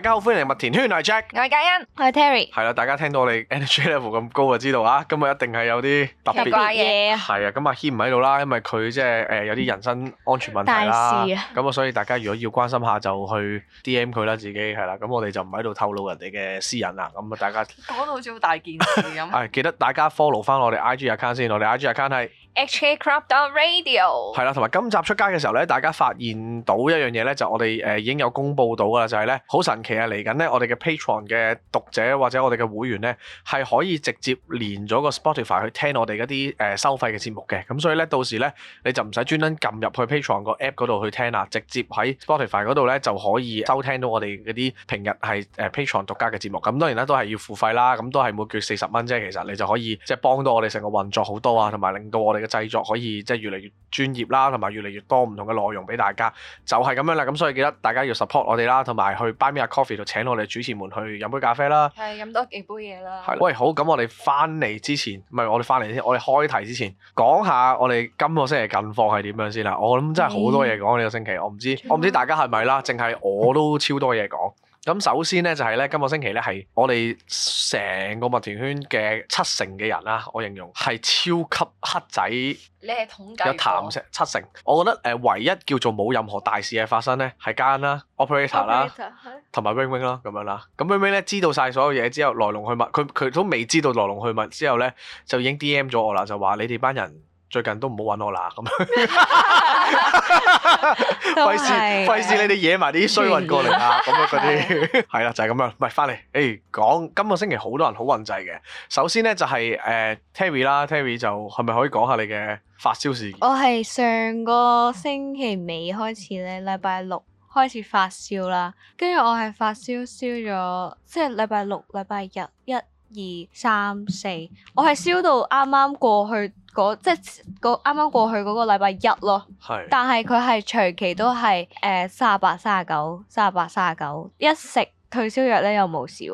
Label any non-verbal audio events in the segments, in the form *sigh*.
大家好，歡迎麥田圈，我係 Jack，我係嘉欣，我係 Terry。係啦，大家聽到我哋 energy level 咁高就知道啊，今日一定係有啲特別嘢。係啊，咁阿謙唔喺度啦，因為佢即係誒、呃、有啲人身安全問題啦。大事啊！咁啊，所以大家如果要關心下，就去 DM 佢啦，自己係啦。咁我哋就唔喺度透露人哋嘅私隱啦。咁啊，大家講到好似好大件事咁。係 *laughs* 記得大家 follow 翻我哋 IG account 先，我哋 IG account 係。HK Crop Dot Radio 係啦，同埋今集出街嘅時候咧，大家發現到一樣嘢咧，就我哋誒、呃、已經有公佈到㗎啦，就係咧好神奇啊！嚟緊咧，我哋嘅 Patreon 嘅讀者或者我哋嘅會員咧，係可以直接連咗個 Spotify 去聽我哋嗰啲誒收費嘅節目嘅，咁所以咧到時咧你就唔使專登撳入去 Patreon 個 App 度去聽啦，直接喺 Spotify 度咧就可以收聽到我哋嗰啲平日係誒 Patreon 獨家嘅節目。咁、嗯、當然啦，都係要付費啦，咁、嗯、都係每個月四十蚊啫，其實你就可以即係、就是、幫到我哋成個運作好多啊，同埋令到我哋。嘅製作可以即係越嚟越專業啦，同埋越嚟越多唔同嘅內容俾大家，就係咁樣啦。咁所以記得大家要 support 我哋啦，同埋去 Buy me a coffee 度請我哋主持們去飲杯咖啡啦，係飲多幾杯嘢啦。係的。喂，好，咁我哋翻嚟之前，唔係我哋翻嚟先，我哋開題之前講下我哋今個星期近況係點樣先啦。我諗真係好多嘢講呢個星期，我唔知，我唔知大家係咪啦，淨係我都超多嘢講。 *laughs* 咁首先咧就係咧，今個星期咧係我哋成個麥田圈嘅七成嘅人啦，我形容係超級黑仔，你統計有淡色七成。我覺得誒唯一叫做冇任何大事嘅發生咧，係 g 啦、Operator 啦，同埋 wing wing 啦咁樣啦。咁 wing wing 咧知道晒所有嘢之後，來龍去脈，佢佢都未知道來龍去脈之後咧，就已經 DM 咗我啦，就話你哋班人。最近都唔好揾我啦，咁樣，費事費事你哋惹埋啲衰運過嚟啦，咁樣嗰啲，係啦就係咁樣，唔係翻嚟，誒講今個星期好多人好運滯嘅，首先呢，就係、是、誒、呃、Terri 啦，Terri 就係咪可以講下你嘅發燒事件？我係上個星期尾開始咧，禮拜六開始，開始發燒啦，跟住我係發燒燒咗，即係禮拜六、禮拜日一。二三四，我係燒到啱啱過去嗰即係啱啱過去個禮拜一咯，是但係佢係長期都係誒卅八卅九卅八卅九，一食退燒藥咧又冇事，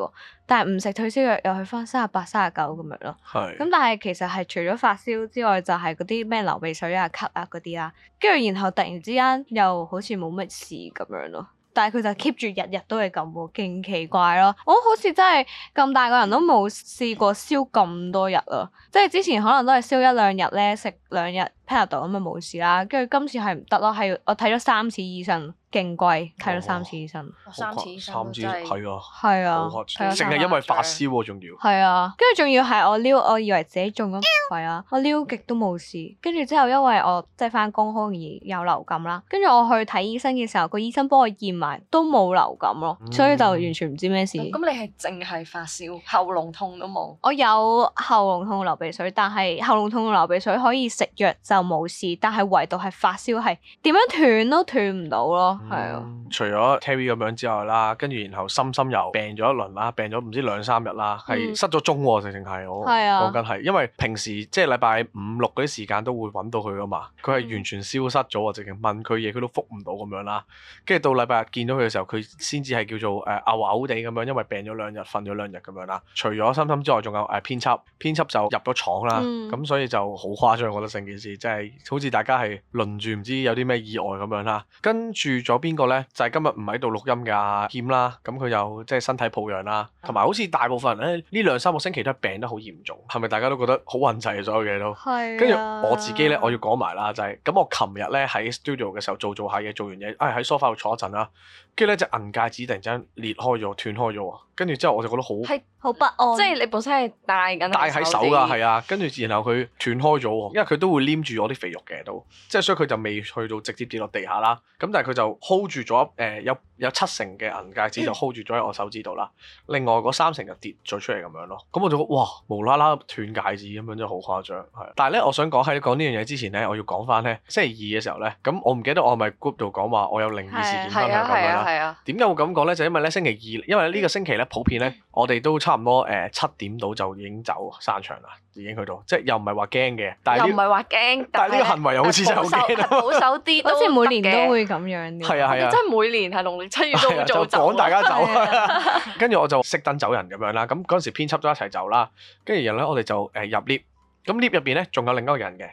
但係唔食退燒藥又去翻卅八卅九咁樣咯，咁是、嗯、但係其實係除咗發燒之外，就係嗰啲咩流鼻水啊、咳啊嗰啲啦，跟住然後突然之間又好似冇乜事咁樣咯。但係佢就 keep 住日日都係咁喎，勁奇怪咯！我、哦、好似真係咁大個人都冇試過燒咁多日啊！即係之前可能都係燒一兩日咧，食兩日 Panadol 咁咪冇事啦。跟住今次係唔得咯，係我睇咗三次醫生。勁貴睇咗三次醫生，哦、三、次醫生三次，生是，三次係啊，係好啊，成日因為發燒仲、啊、要，係啊，跟住仲要係我撩，我以為自己中咗，係啊，我撩極都冇事，跟住之後因為我即係翻工，可能有流感啦，跟住我去睇醫生嘅時候，個醫生幫我驗埋都冇流感咯，所以就完全唔知咩事。咁你係淨係發燒，喉嚨痛都冇？我有喉嚨痛，流鼻水，但係喉嚨痛流鼻水可以食藥就冇事，但係唯獨係發燒係點樣斷都斷唔到咯。嗯係啊，除咗 Terry 咁樣之外啦，跟住然後深深又病咗一輪啦，病咗唔知兩三日啦，係失咗蹤喎，直情係我講緊係，因為平時即係禮拜五六嗰啲時間都會揾到佢㗎嘛，佢係完全消失咗啊，直情問佢嘢佢都覆唔到咁樣啦，跟住到禮拜日見到佢嘅時候，佢先至係叫做誒嘔嘔地咁樣，因為病咗兩日，瞓咗兩日咁樣啦。除咗深深之外，仲有誒、呃、編輯，編輯就入咗廠啦，咁、嗯嗯、所以就好誇張，我覺得成件事即係好似大家係輪住唔知有啲咩意外咁樣啦，跟住。咗邊個呢？就係、是、今日唔喺度錄音噶、啊，欠啦。咁佢又即係、就是、身體抱恙啦，同埋好似大部分人咧呢兩三個星期都係病得好嚴重。係咪大家都覺得好混滯，所有嘢都、啊。係。跟住我自己呢，我要講埋啦，就係、是、咁。我琴日呢喺 studio 嘅時候做做下嘢，做完嘢啊喺梳化度坐一陣啦。跟住呢，隻銀戒指突然間裂開咗，斷開咗。跟住之後我就覺得好好不安，即係你本身係戴緊戴喺手噶，係啊。跟住、啊、然後佢斷開咗，因為佢都會黏住我啲肥肉嘅都，即係、就是、所以佢就未去到直接跌落地下啦。咁但係佢就 hold 住咗誒、呃、有有七成嘅銀戒指就 hold 住咗喺我手指度啦。另外嗰三成就跌咗出嚟咁樣咯。咁我就覺得哇，無啦啦斷戒指咁樣真係好誇張係。但係咧，我想講喺講呢樣嘢之前咧，我要講翻咧星期二嘅時候咧，咁、嗯、我唔記得我係咪 group 度講話我有靈異事件發生咁樣啦。點解我咁講咧？就因為咧星期二，因為呢個星期咧。普遍咧，我哋都差唔多誒、呃、七點到就已經走散場啦，已經去到，即係又唔係話驚嘅，但係唔係話驚，但係是呢個行為又好似真係好驚保守啲，好似每年都會咁樣嘅，係啊係啊，即係、啊、每年係農曆七月都會早、啊、趕大家走，跟住、啊、 *laughs* *laughs* 我就熄燈走人咁樣啦。咁嗰陣時編輯都一齊走啦，跟住然後咧我哋就誒入 lift，咁 lift 入邊咧仲有另一個人嘅，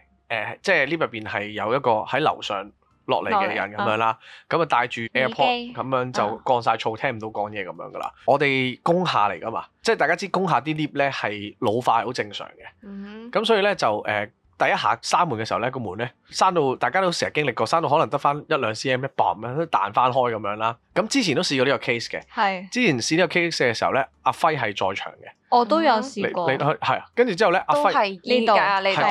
誒即係 lift 入邊係有一個喺樓上落嚟嘅人咁、啊、樣啦，咁啊帶住 AirPods 咁樣就降晒噪，啊、聽唔到講嘢咁樣噶啦。我哋工廈嚟噶嘛，即係大家知工廈啲 lift 咧係老化係好正常嘅。咁、嗯、所以咧就誒、呃、第一下閂門嘅時候咧，個門咧閂到，大家都成日經歷過，閂到可能得翻一兩 cm，一磅，都彈翻開咁樣啦。咁之前都試過呢個 case 嘅，是之前試呢個 case 嘅時候咧，阿輝係在場嘅。我都有試過、嗯，係啊理，跟住之後咧，阿輝係呢度，都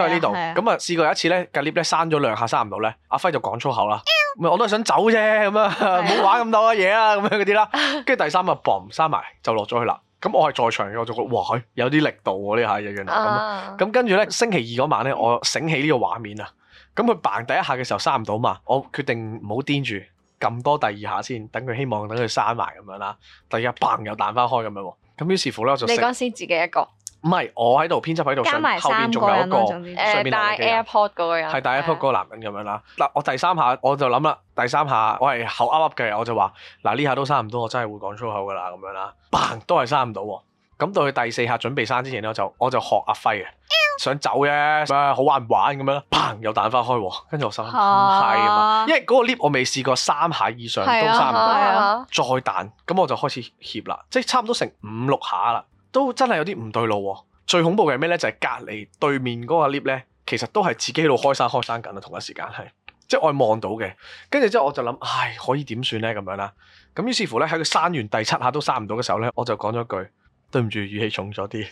係呢度。咁啊是，試過有一次咧，隔 lift 咧，閂咗兩下閂唔到咧，阿輝就講粗口啦。咩喵？我都係想走啫，咁啊，唔好 *laughs* 玩咁多嘅嘢啦，咁樣嗰啲啦。跟住第三啊，嘣閂埋就落咗去啦。咁我係在場嘅，我就覺哇佢有啲力度喎，呢下嘢原來咁。咁跟住咧，星期二嗰晚咧，我醒起呢個畫面啊。咁佢嘭第一下嘅時候閂唔到嘛，我決定唔好癲住撳多第二下先，等佢希望等佢閂埋咁樣啦。第二啊，嘣又彈翻開咁樣喎。咁於是乎咧，我就你嗰陣時自己一個，唔係我喺度編輯喺度加埋三個人、啊，總之誒戴 AirPod 嗰個人，係戴 AirPod 嗰個男人咁樣啦。嗱的，我第三下我就諗啦，第三下我係口噏噏嘅，我就話嗱，呢下都生唔到，我真係會講粗口㗎喇咁樣啦嘭都係生唔到喎。咁到佢第四下準備閂之前咧，我就我就學阿輝嘅，喵想走啫，好玩唔玩咁樣啦，砰又彈返開喎，跟住我心諗唔係呀嘛，因為嗰個 lift 我未試過三下以上都閂唔到啦，啊、再彈咁我就開始怯啦，即係差唔多成五六下啦，都真係有啲唔對路喎、啊。最恐怖嘅係咩咧？就係隔離對面嗰個 lift 咧，其實都係自己喺度開閂開閂緊啊，同一時間係即係我望到嘅，跟住之後我就諗，唉可以點算咧咁樣啦。咁於是乎咧，喺佢閂完第七下都閂唔到嘅時候咧，我就講咗一句。對唔住，語氣重咗啲。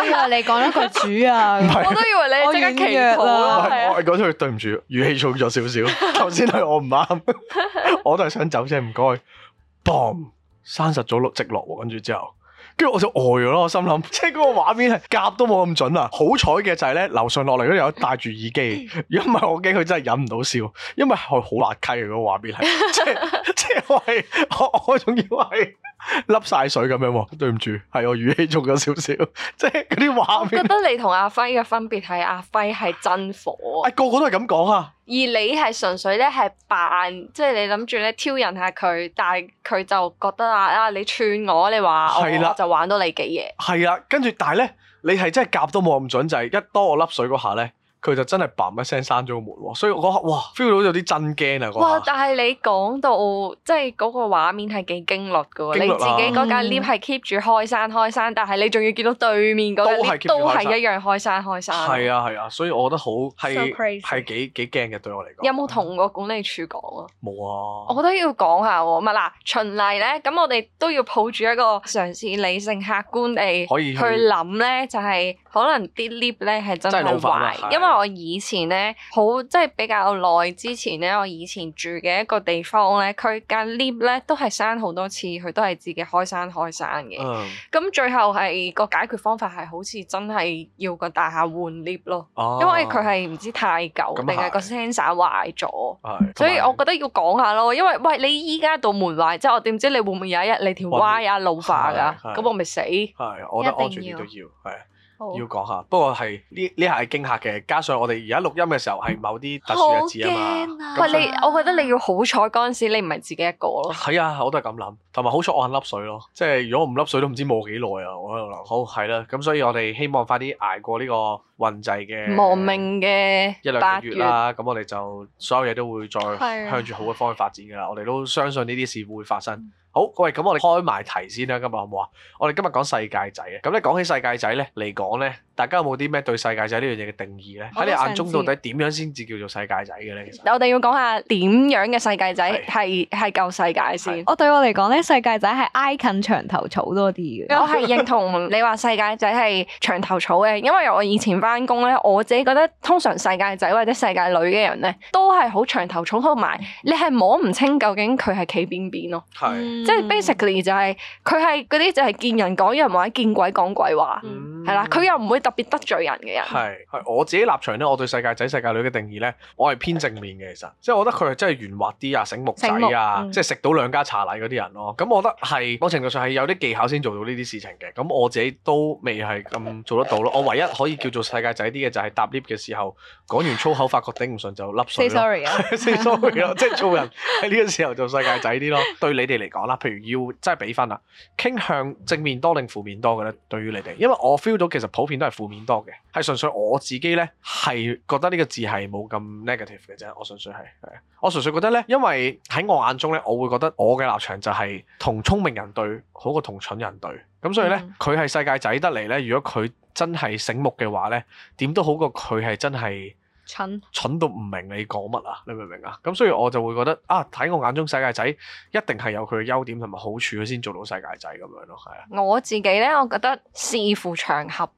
我 *laughs* 以、 *laughs* 哎、呀，你講一個主啊，是 *laughs* 我都以為你即刻企咗啦。我係講咗句對唔住，語氣重咗少少。頭先係我唔啱， *laughs* 我都係想走啫，唔該。嘣！o o m 生實咗落直落，跟住之後。跟住我就呆咗咯，我心諗，即係嗰個畫面係夾都冇咁準啊！好彩嘅就係咧，樓上落嚟嗰度有戴住耳機，如果唔係我驚佢真係忍唔到笑，因為佢好辣稽嘅個畫面係、啊， *laughs* 即係即係我係我我仲以為係甩晒水咁樣喎，對唔住，係我語氣重咗少少，即係嗰啲畫面。我覺得你同阿輝嘅分別係阿輝係真火、哎，個個都係咁講啊！而你係純粹咧係扮，即係你諗住咧挑釁下佢，但係佢就覺得啊啊，你串我，你話係啦我玩就玩到你幾嘢。係啦。係啊，跟住但係咧，你係真係夾都冇咁準，就係、係、一多我粒水嗰下咧。佢就真係叭一聲閂咗門喎，所以我嗰下哇 feel 到有啲真驚啊！嗰下哇，但係你講到即係嗰個畫面係幾驚慄㗎喎？啊、你自己嗰間 lift 係 keep 住開山開山，嗯、但係你仲要見到對面嗰間都係一樣開山開山。係啊係啊，所以我覺得好係係幾幾驚嘅對我嚟講。有冇同個管理處講啊？冇啊、嗯。我覺得要講下喎，唔係嗱，循例咧，咁我哋都要抱住一個嘗試理性客觀地去諗咧，就係、是、可能啲 lift 咧係真係壞，壞因為。因為我以前咧，好即係比較耐之前咧，以前我以前住嘅一個地方咧，佢間 lift 咧都係閂好多次，佢都係自己開閂開閂嘅。咁、嗯、最後係個解決方法係好似真係要個大廈換 lift 咯。啊、因為佢係唔知太舊定係個 sensor 壞咗。是所以我覺得要講下咯，因為喂，你依家度門壞，即係我點知你會唔會有一日你條歪呀老化噶？咁我咪死。係我我一定都要係。要講下，不過係呢呢下係驚嚇嘅，加上我哋而家錄音嘅時候係某啲特殊日子啊嘛。喂、啊、你，我覺得你要好彩嗰陣時，你唔係自己一個咯。係啊，我都係咁諗，同埋好彩我肯笠水咯，即係如果唔笠水都唔知冇幾耐啊。我好係啦，咁所以我哋希望快啲捱過呢、呢個，運滯嘅，亡命嘅一兩個月啦，咁我哋就所有嘢都會再向住好嘅方向發展㗎啦。我哋都相信呢啲事會發生。好，各位，咁我哋開埋題先啦，今日好唔好啊？我哋今日講世界仔啊。咁咧講起世界仔咧，嚟講咧，大家有冇啲咩對世界仔呢樣嘢嘅定義咧？喺你眼中到底點樣先至叫做世界仔嘅咧？其實我哋要講下點樣嘅世界仔係係舊世界先。我對我嚟講咧，世界仔係挨近長頭草多啲嘅。我係認同你話世界仔係長頭草嘅，因為我以前。翻工咧，我自己覺得通常世界仔或者世界女嘅人咧，都係好牆頭草，同埋，你係摸唔清究竟佢係企邊邊咯。係是，嗯、即係 basically 就係佢係嗰啲就係見人講人話，見鬼講鬼話，係、嗯、啦。佢又唔會特別得罪人嘅人。係，係我自己立場咧，我對世界仔、世界女嘅定義咧，我係偏正面嘅。其實，是即係我覺得佢係真係圓滑啲啊，醒目仔啊，嗯、即係食到兩家茶禮嗰啲人咯。咁我覺得係，某程度上係有啲技巧先做到呢啲事情嘅。咁我自己都未係咁做得到咯。 *laughs* 我唯一可以叫做世界仔啲嘅就係搭 lift 嘅時候講完粗口發覺頂唔順就甩水啦，say Say sorry 啊，say sorry 咯， *laughs* 即係粗人喺呢個時候就世界仔啲咯。對你哋嚟講啦，譬如要真係俾分啦，傾向正面多定負面多嘅咧？對於你哋，因為我 feel 到其實普遍都係負面多嘅，係純粹我自己咧，係覺，覺得呢個字係冇咁 negative 嘅啫。我純粹係，我純粹覺得咧，因為喺我眼中咧，我會覺得我嘅立場就係同聰明人對好過同蠢人對。咁所以咧，佢係世界仔得嚟咧，如果佢。真係醒目嘅話呢，點都好過佢係真係蠢，蠢到唔明你講乜啊？你明唔明啊？咁所以我就會覺得啊，喺我眼中世界仔一定係有佢嘅優點同埋好處，佢先做到世界仔咁樣咯。係啊，我自己呢，我覺得視乎場合，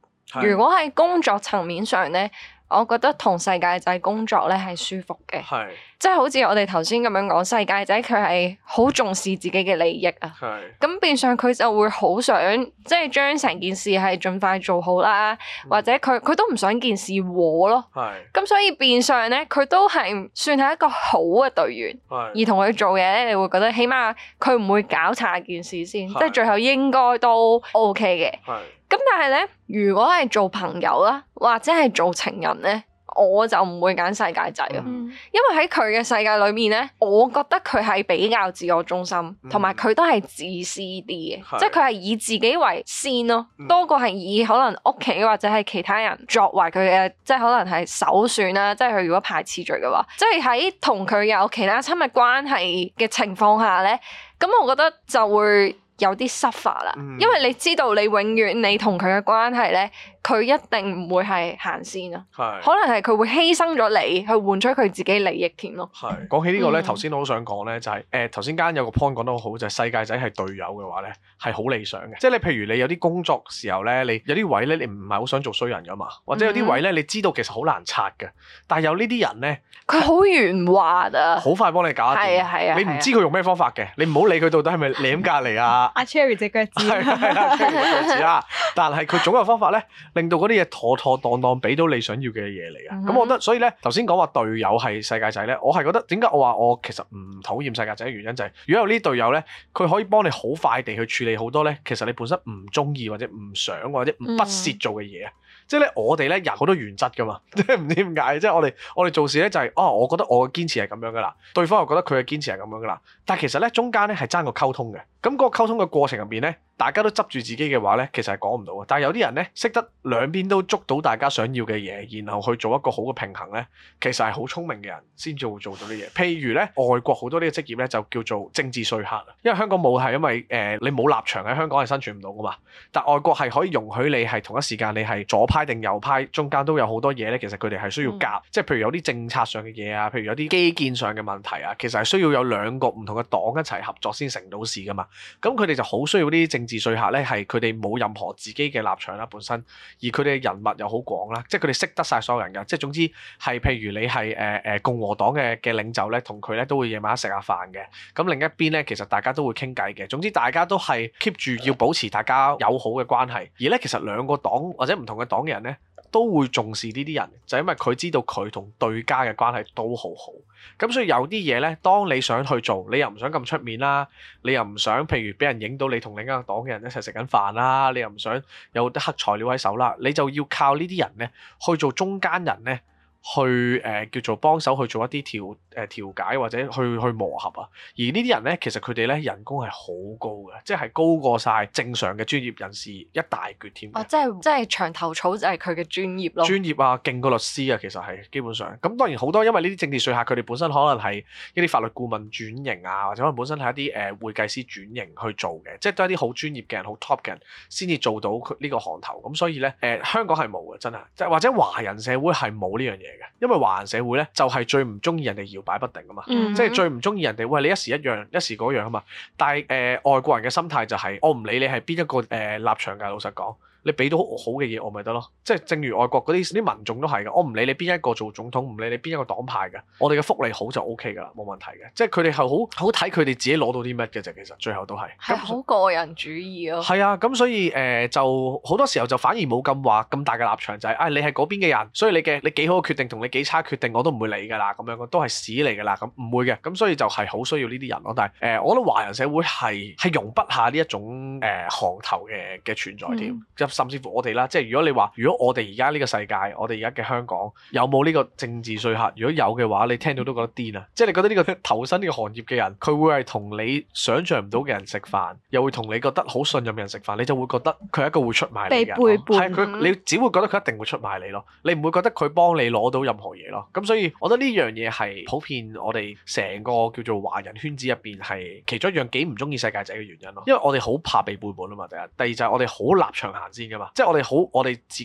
如果喺工作層面上呢。我覺得同世界仔工作咧係舒服嘅，是即係好似我哋頭先咁樣講，世界仔佢係好重視自己嘅利益啊。咁是變相佢就會好想即係將成件事係盡快做好啦，或者佢佢、嗯、都唔想件事和咯。咁是所以變相咧，佢都係算係一個好嘅隊員，是而同佢做嘢咧，你會覺得起碼佢唔會搞差件事先，是即係最後應該都 OK 嘅。咁但係咧，如果係做朋友啦，或者係做情人咧，我就唔會揀世界仔咯。嗯、因為喺佢嘅世界裏面咧，我覺得佢係比較自我中心，同埋佢都係自私啲嘅，即係佢係以自己為先咯，嗯、多過係以可能屋企或者係其他人作為佢嘅，即、就、係、是、可能係首選啦。即係佢如果排次序嘅話，即係喺同佢有其他親密關係嘅情況下咧，咁我覺得就會。有啲 suffer 啦，嗯、因為你知道你永遠你同佢嘅關係咧。佢一定唔會係行先啊，可能係佢會犧牲咗你去換出佢自己利益添咯。係講起呢個咧，頭先我好想講咧，就係誒頭先間有個 point 講得好，就係世界仔係隊友嘅話咧係好理想嘅。即係你譬如你有啲工作時候咧，你有啲位咧，你唔係好想做衰人噶嘛，或者有啲位咧，你知道其實好難拆嘅，但係有呢啲人咧，佢好圓滑啊，好快幫你搞掂。係啊係啊，你唔知佢用咩方法嘅，你唔好理佢到底係咪舐隔離啊。阿 Cherry 隻腳趾，係啊 c h e 但係佢總有方法咧。令到嗰啲嘢，妥妥當當俾到你想要嘅嘢嚟嘅，咁、mm hmm. 我覺得所以咧，頭先講話隊友係世界仔咧，我係覺得點解我話我其實唔討厭世界仔嘅原因就係，如果有呢隊友咧，佢可以幫你好快地去處理好多咧，其實你本身唔中意或者唔想或者不屑做嘅嘢啊，即係咧，我哋咧有好多原則噶嘛，即係唔知點解，即係我哋我哋做事咧就係，哦，我覺得我嘅堅持係咁樣噶啦，對方又覺得佢嘅堅持係咁樣噶啦，但係其實咧中間咧係爭個溝通嘅，咁個溝通嘅過程入邊咧。大家都執住自己嘅話呢，其實係講唔到嘅。但係有啲人呢，識得兩邊都捉到大家想要嘅嘢，然後去做一個好嘅平衡呢，其實係好聰明嘅人先至會做到啲嘢。譬如呢，外國好多呢個職業呢，就叫做政治說客。因為香港冇係，因為誒、呃、你冇立場喺香港係生存唔到噶嘛。但外國係可以容許你係同一時間你係左派定右派，中間都有好多嘢呢，其實佢哋係需要夾，嗯、即係譬如有啲政策上嘅嘢啊，譬如有啲基建上嘅問題啊，其實係需要有兩個唔同嘅黨一齊合作先成到事噶嘛。咁佢哋就好需要啲政。自敘客咧，係佢哋冇任何自己嘅立場啦，本身。而佢哋嘅人脈又好廣啦，即係佢哋識得晒所有人㗎。即係總之係，譬如你係誒誒共和黨嘅嘅領袖咧，同佢咧都會夜晚食下飯嘅。咁另一邊咧，其實大家都會傾偈嘅。總之大家都係 keep 住要保持大家友好嘅關係。而咧其實兩個黨或者唔同嘅黨嘅人咧，都會重視呢啲人，就因為佢知道佢同對家嘅關係都好好，咁所以有啲嘢呢，當你想去做，你又唔想咁出面啦，你又唔想譬如俾人影到你同另一個黨嘅人一齊食緊飯啦，你又唔想有啲黑材料喺手啦，你就要靠呢啲人呢去做中間人呢，去誒、呃、叫做幫手去做一啲調誒、呃、調解或者去去磨合啊，而呢啲人呢，其實佢哋咧人工係好高嘅，即係高過晒正常嘅專業人士一大橛添。哦，即係即係長頭草就係佢嘅專業咯。專業啊，勁過律師啊，其實係基本上。咁當然好多因為呢啲政治說客佢哋本身可能係一啲法律顧問轉型啊，或者可能本身係一啲誒、呃、會計師轉型去做嘅，即係都係啲好專業嘅人，好 top 嘅人先至做到佢呢個行頭。咁所以呢，誒、呃，香港係冇嘅，真係，即係或者華人社會係冇呢樣嘢。因為華人社會咧，就係最唔中意人哋搖擺不定啊嘛，mm hmm. 即係最唔中意人哋，喂，你一時一樣，一時嗰樣啊嘛。但係誒，外國人嘅心態就係，我唔理你係邊一個誒立場㗎，老實講。你俾到好嘅嘢我咪得咯，即係正如外國嗰啲啲民眾都係嘅，我唔理你邊一個做總統，唔理你邊一個黨派嘅，我哋嘅福利好就 O K 㗎啦，冇問題嘅，即係佢哋係好好睇佢哋自己攞到啲乜嘅啫，其實最後都係係好個人主義咯，係啊，咁、啊、所以誒、呃、就好多時候就反而冇咁話咁大嘅立場就係、是，啊、哎、你係嗰邊嘅人，所以你嘅你幾好嘅決定同你幾差決定我都唔會理㗎啦，咁樣都係屎嚟㗎啦，咁唔會嘅，咁所以就係好需要呢啲人咯，但係誒、呃、我覺得華人社會係係容不下呢一種誒、呃、行頭嘅嘅存在添。嗯。甚至乎我哋啦，即係如果你話，如果我哋而家呢個世界，我哋而家嘅香港有冇呢個政治稅客？如果有嘅話，你聽到都覺得癲啊！即係你覺得呢個投身呢個行業嘅人，佢會係同你想象唔到嘅人食飯，又會同你覺得好信任嘅人食飯，你就會覺得佢係一個會出賣你嘅人，係佢，你只會覺得佢一定會出賣你咯，你唔會覺得佢幫你攞到任何嘢咯。咁所以，我覺得呢樣嘢係普遍我哋成個叫做華人圈子入邊係其中一樣幾唔中意世界仔嘅原因咯。因為我哋好怕被背叛啊嘛，第一，第二就係我哋好立場行即係我哋好，我哋自己，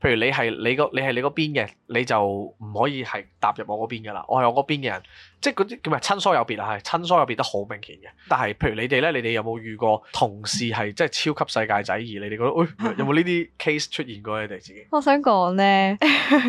譬如你係你個，你係你嗰邊嘅，你就唔可以係踏入我嗰邊噶啦。我係我嗰邊嘅人，即係嗰啲叫咩？親疏有別啊，係親疏有別都好明顯嘅。但係，譬如你哋咧，你哋有冇遇過同事係即係超級世界仔，而你哋覺得，哎，有冇呢啲 case 出現過你哋自己？我想講咧，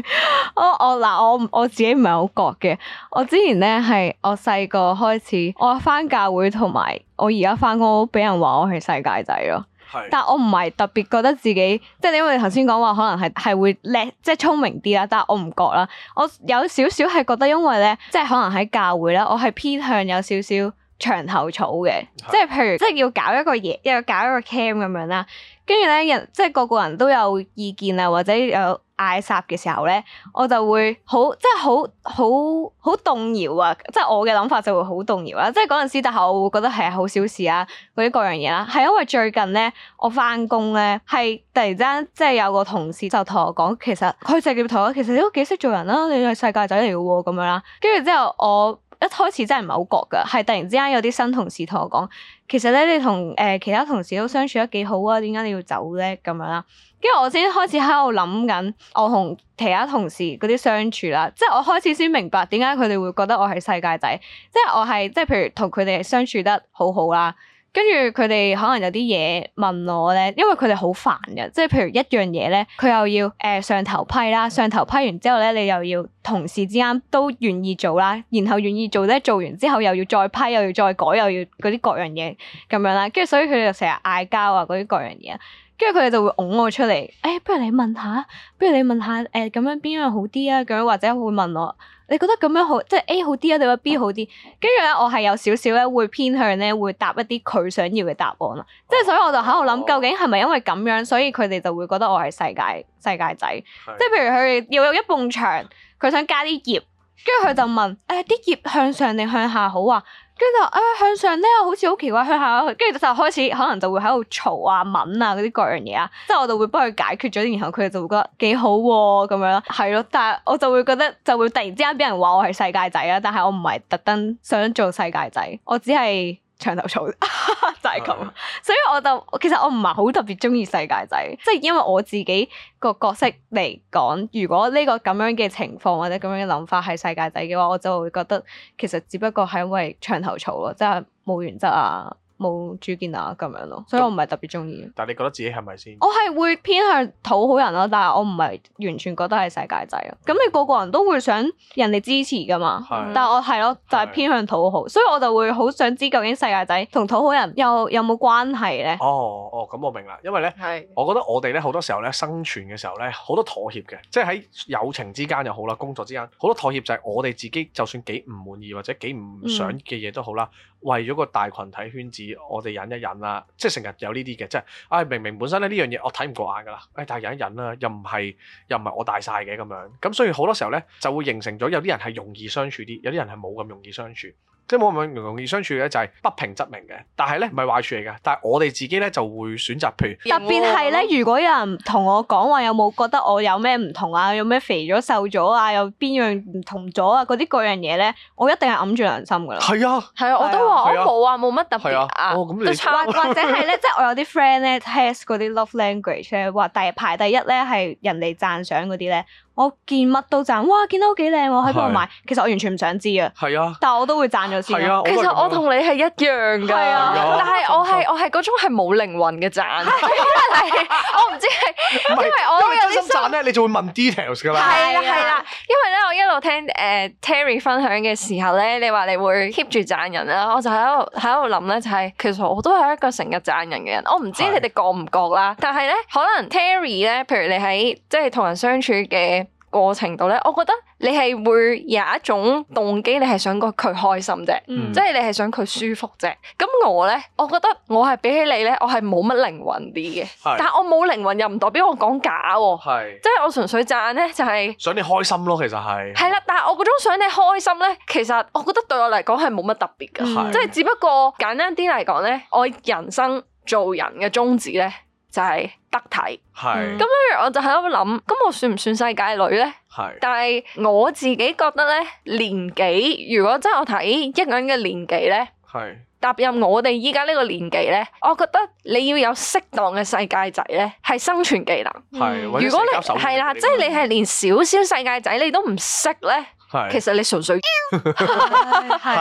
*laughs* 我我嗱我我自己唔係好覺嘅。我之前咧係我細個開始，我翻教會同埋我而家翻工，都俾人話我係世界仔咯。是但係我唔係特別覺得自己，即係因為你頭先講話可能係係會叻，即係聰明啲啦。但係我唔覺啦，我有少少係覺得，因為咧，即係可能喺教會啦，我係偏向有少少長頭草嘅是，即係譬如即係要搞一個嘢，要搞一個 camp 咁樣啦。跟住咧，人即係個個人都有意見啊，或者有嗌霎嘅時候咧，我就會好即係好好好動搖啊！即係我嘅諗法就會好動搖啦。即係嗰陣時，但係我會覺得係好小事啊，嗰啲各樣嘢啦。係因為最近咧，我翻工咧，係突然之間即係有個同事就同我講，其實佢直接同我其實都幾識做人啦、啊，你係世界仔嚟嘅喎咁樣啦。跟住之後，我一開始真係唔係好覺嘅，係突然之間有啲新同事同我講，其實咧，你同誒、呃、其他同事都相處得幾好啊？點解你要走咧？咁樣啦，跟住我先開始喺度諗緊，我同其他同事嗰啲相處啦，即係我開始先明白點解佢哋會覺得我係世界仔，即係我係即係譬如同佢哋相處得好好、啊、啦。跟住佢哋可能有啲嘢問我咧，因為佢哋好煩㗎，即係譬如一樣嘢咧，佢又要誒、呃、上頭批啦，上頭批完之後咧，你又要同事之間都願意做啦，然後願意做咧，做完之後又要再批，又要再改，又要嗰啲各樣嘢咁樣啦，跟住所以佢哋就成日嗌交啊，嗰啲各樣嘢，跟住佢哋就會拱我出嚟，誒、哎，不如你問下，不如你問下誒咁、呃、樣邊樣好啲啊，咁樣或者會問我。你覺得咁樣好，即係 A 好啲啊，定係 B 好啲？跟住咧，我係有少少咧，會偏向咧，會答一啲佢想要嘅答案啦。哦、即係所以我就喺度諗，哦、究竟係咪因為咁樣，所以佢哋就會覺得我係世界世界仔？是即係譬如佢哋要有一埲牆，佢想加啲葉，跟住佢就問：誒啲、嗯哎、葉向上定向下好啊？跟住就啊、呃、向上咧，我好似好奇怪向下，跟住就開始可能就會喺度嘈啊、問啊嗰啲各樣嘢啊，即係我就會幫佢解決咗，啲，然後佢哋就會覺得幾好喎咁樣咯，係咯，但係我就會覺得就會突然之間俾人話我係世界仔啊，但係我唔係特登想做世界仔，我只係。牆頭草 *laughs* 就係咁，oh、yeah. 所以我就其實我唔係好特別中意世界仔，即係因為我自己個角色嚟講，如果呢個咁樣嘅情況或者咁樣嘅諗法係世界仔嘅話，我就會覺得其實只不過係因為牆頭草咯，即係冇原則啊。冇主見啊，咁樣咯，所以我唔係特別中意。但你覺得自己係咪先？我係會偏向討好人咯，但係我唔係完全覺得係世界仔。咁、嗯、你個個人都會想人哋支持噶嘛？嗯、但係我係咯，就係、是、偏向討好，嗯、所以我就會好想知究竟世界仔同討好人又有冇關係呢？哦哦，咁、哦、我明啦，因為呢，係，我覺得我哋呢好多時候呢生存嘅時候呢，好多妥協嘅，即係喺友情之間又好啦，工作之間好多妥協就係我哋自己就算幾唔滿意或者幾唔想嘅嘢都好啦。嗯為咗個大群體圈子，我哋忍一忍啦、啊，即係成日有呢啲嘅，即係，唉、哎、明明本身咧呢樣嘢我睇唔過眼噶啦，唉、哎、但係忍一忍啦、啊，又唔係又唔係我大晒嘅咁樣，咁所以好多時候呢，就會形成咗有啲人係容易相處啲，有啲人係冇咁容易相處。即係冇咁容易相處咧，就係、是、不平則明嘅。但係咧，唔係壞處嚟嘅。但係我哋自己咧就會選擇，譬如特別係咧，如果有人同我講話，有冇覺得我有咩唔同啊？有咩肥咗瘦咗啊？有邊樣唔同咗啊？嗰啲各樣嘢咧，我一定係揞住良心噶啦。係啊，係啊，我都話好好啊，冇乜、啊、特別啊，都差、啊。哦、或者係咧， *laughs* 即係我有啲 friend 咧 test 嗰啲 love language 咧，話第日排第一咧係人哋讚賞嗰啲咧。我見乜都贊，哇，見到幾靚喎，喺邊度買？其實我完全唔想知啊。係啊。但我都會贊咗先。係啊。其實我同你係一樣㗎。係啊。但係我係我係嗰種係冇靈魂嘅贊。係。我唔知係。唔係我。都有真心贊咧，你就會問 details 㗎啦。係啦係啦。因為咧，我一路聽誒 Terry 分享嘅時候咧，你話你會 keep 住贊人啦，我就喺度喺度諗咧，就係其實我都係一個成日贊人嘅人。我唔知你哋覺唔覺啦，但係咧可能 Terry 咧，譬如你喺即係同人相處嘅。過程度咧，我覺得你係會有一種動機，你係想過佢開心啫，嗯、即係你係想佢舒服啫。咁我咧，我覺得我係比起你咧，我係冇乜靈魂啲嘅，是 但我冇靈魂又唔代表我講假喎，是 即係我純粹讚咧就係、是、想你開心咯，其實係係啦，但係我嗰種想你開心咧，其實我覺得對我嚟講係冇乜特別嘅。是 即係只不過簡單啲嚟講咧，我人生做人嘅宗旨咧，就係得體，係咁是樣樣，我就喺度諗，咁我算唔算世界女咧？係是，但係我自己覺得咧，年紀如果真係我睇一個人嘅年紀咧，係是，踏入我哋依家呢個年紀咧，我覺得你要有適當嘅世界仔咧，係生存技能。係是，嗯、如果你係啦，即係你係連少少世界仔你都唔識咧。其實你純粹係，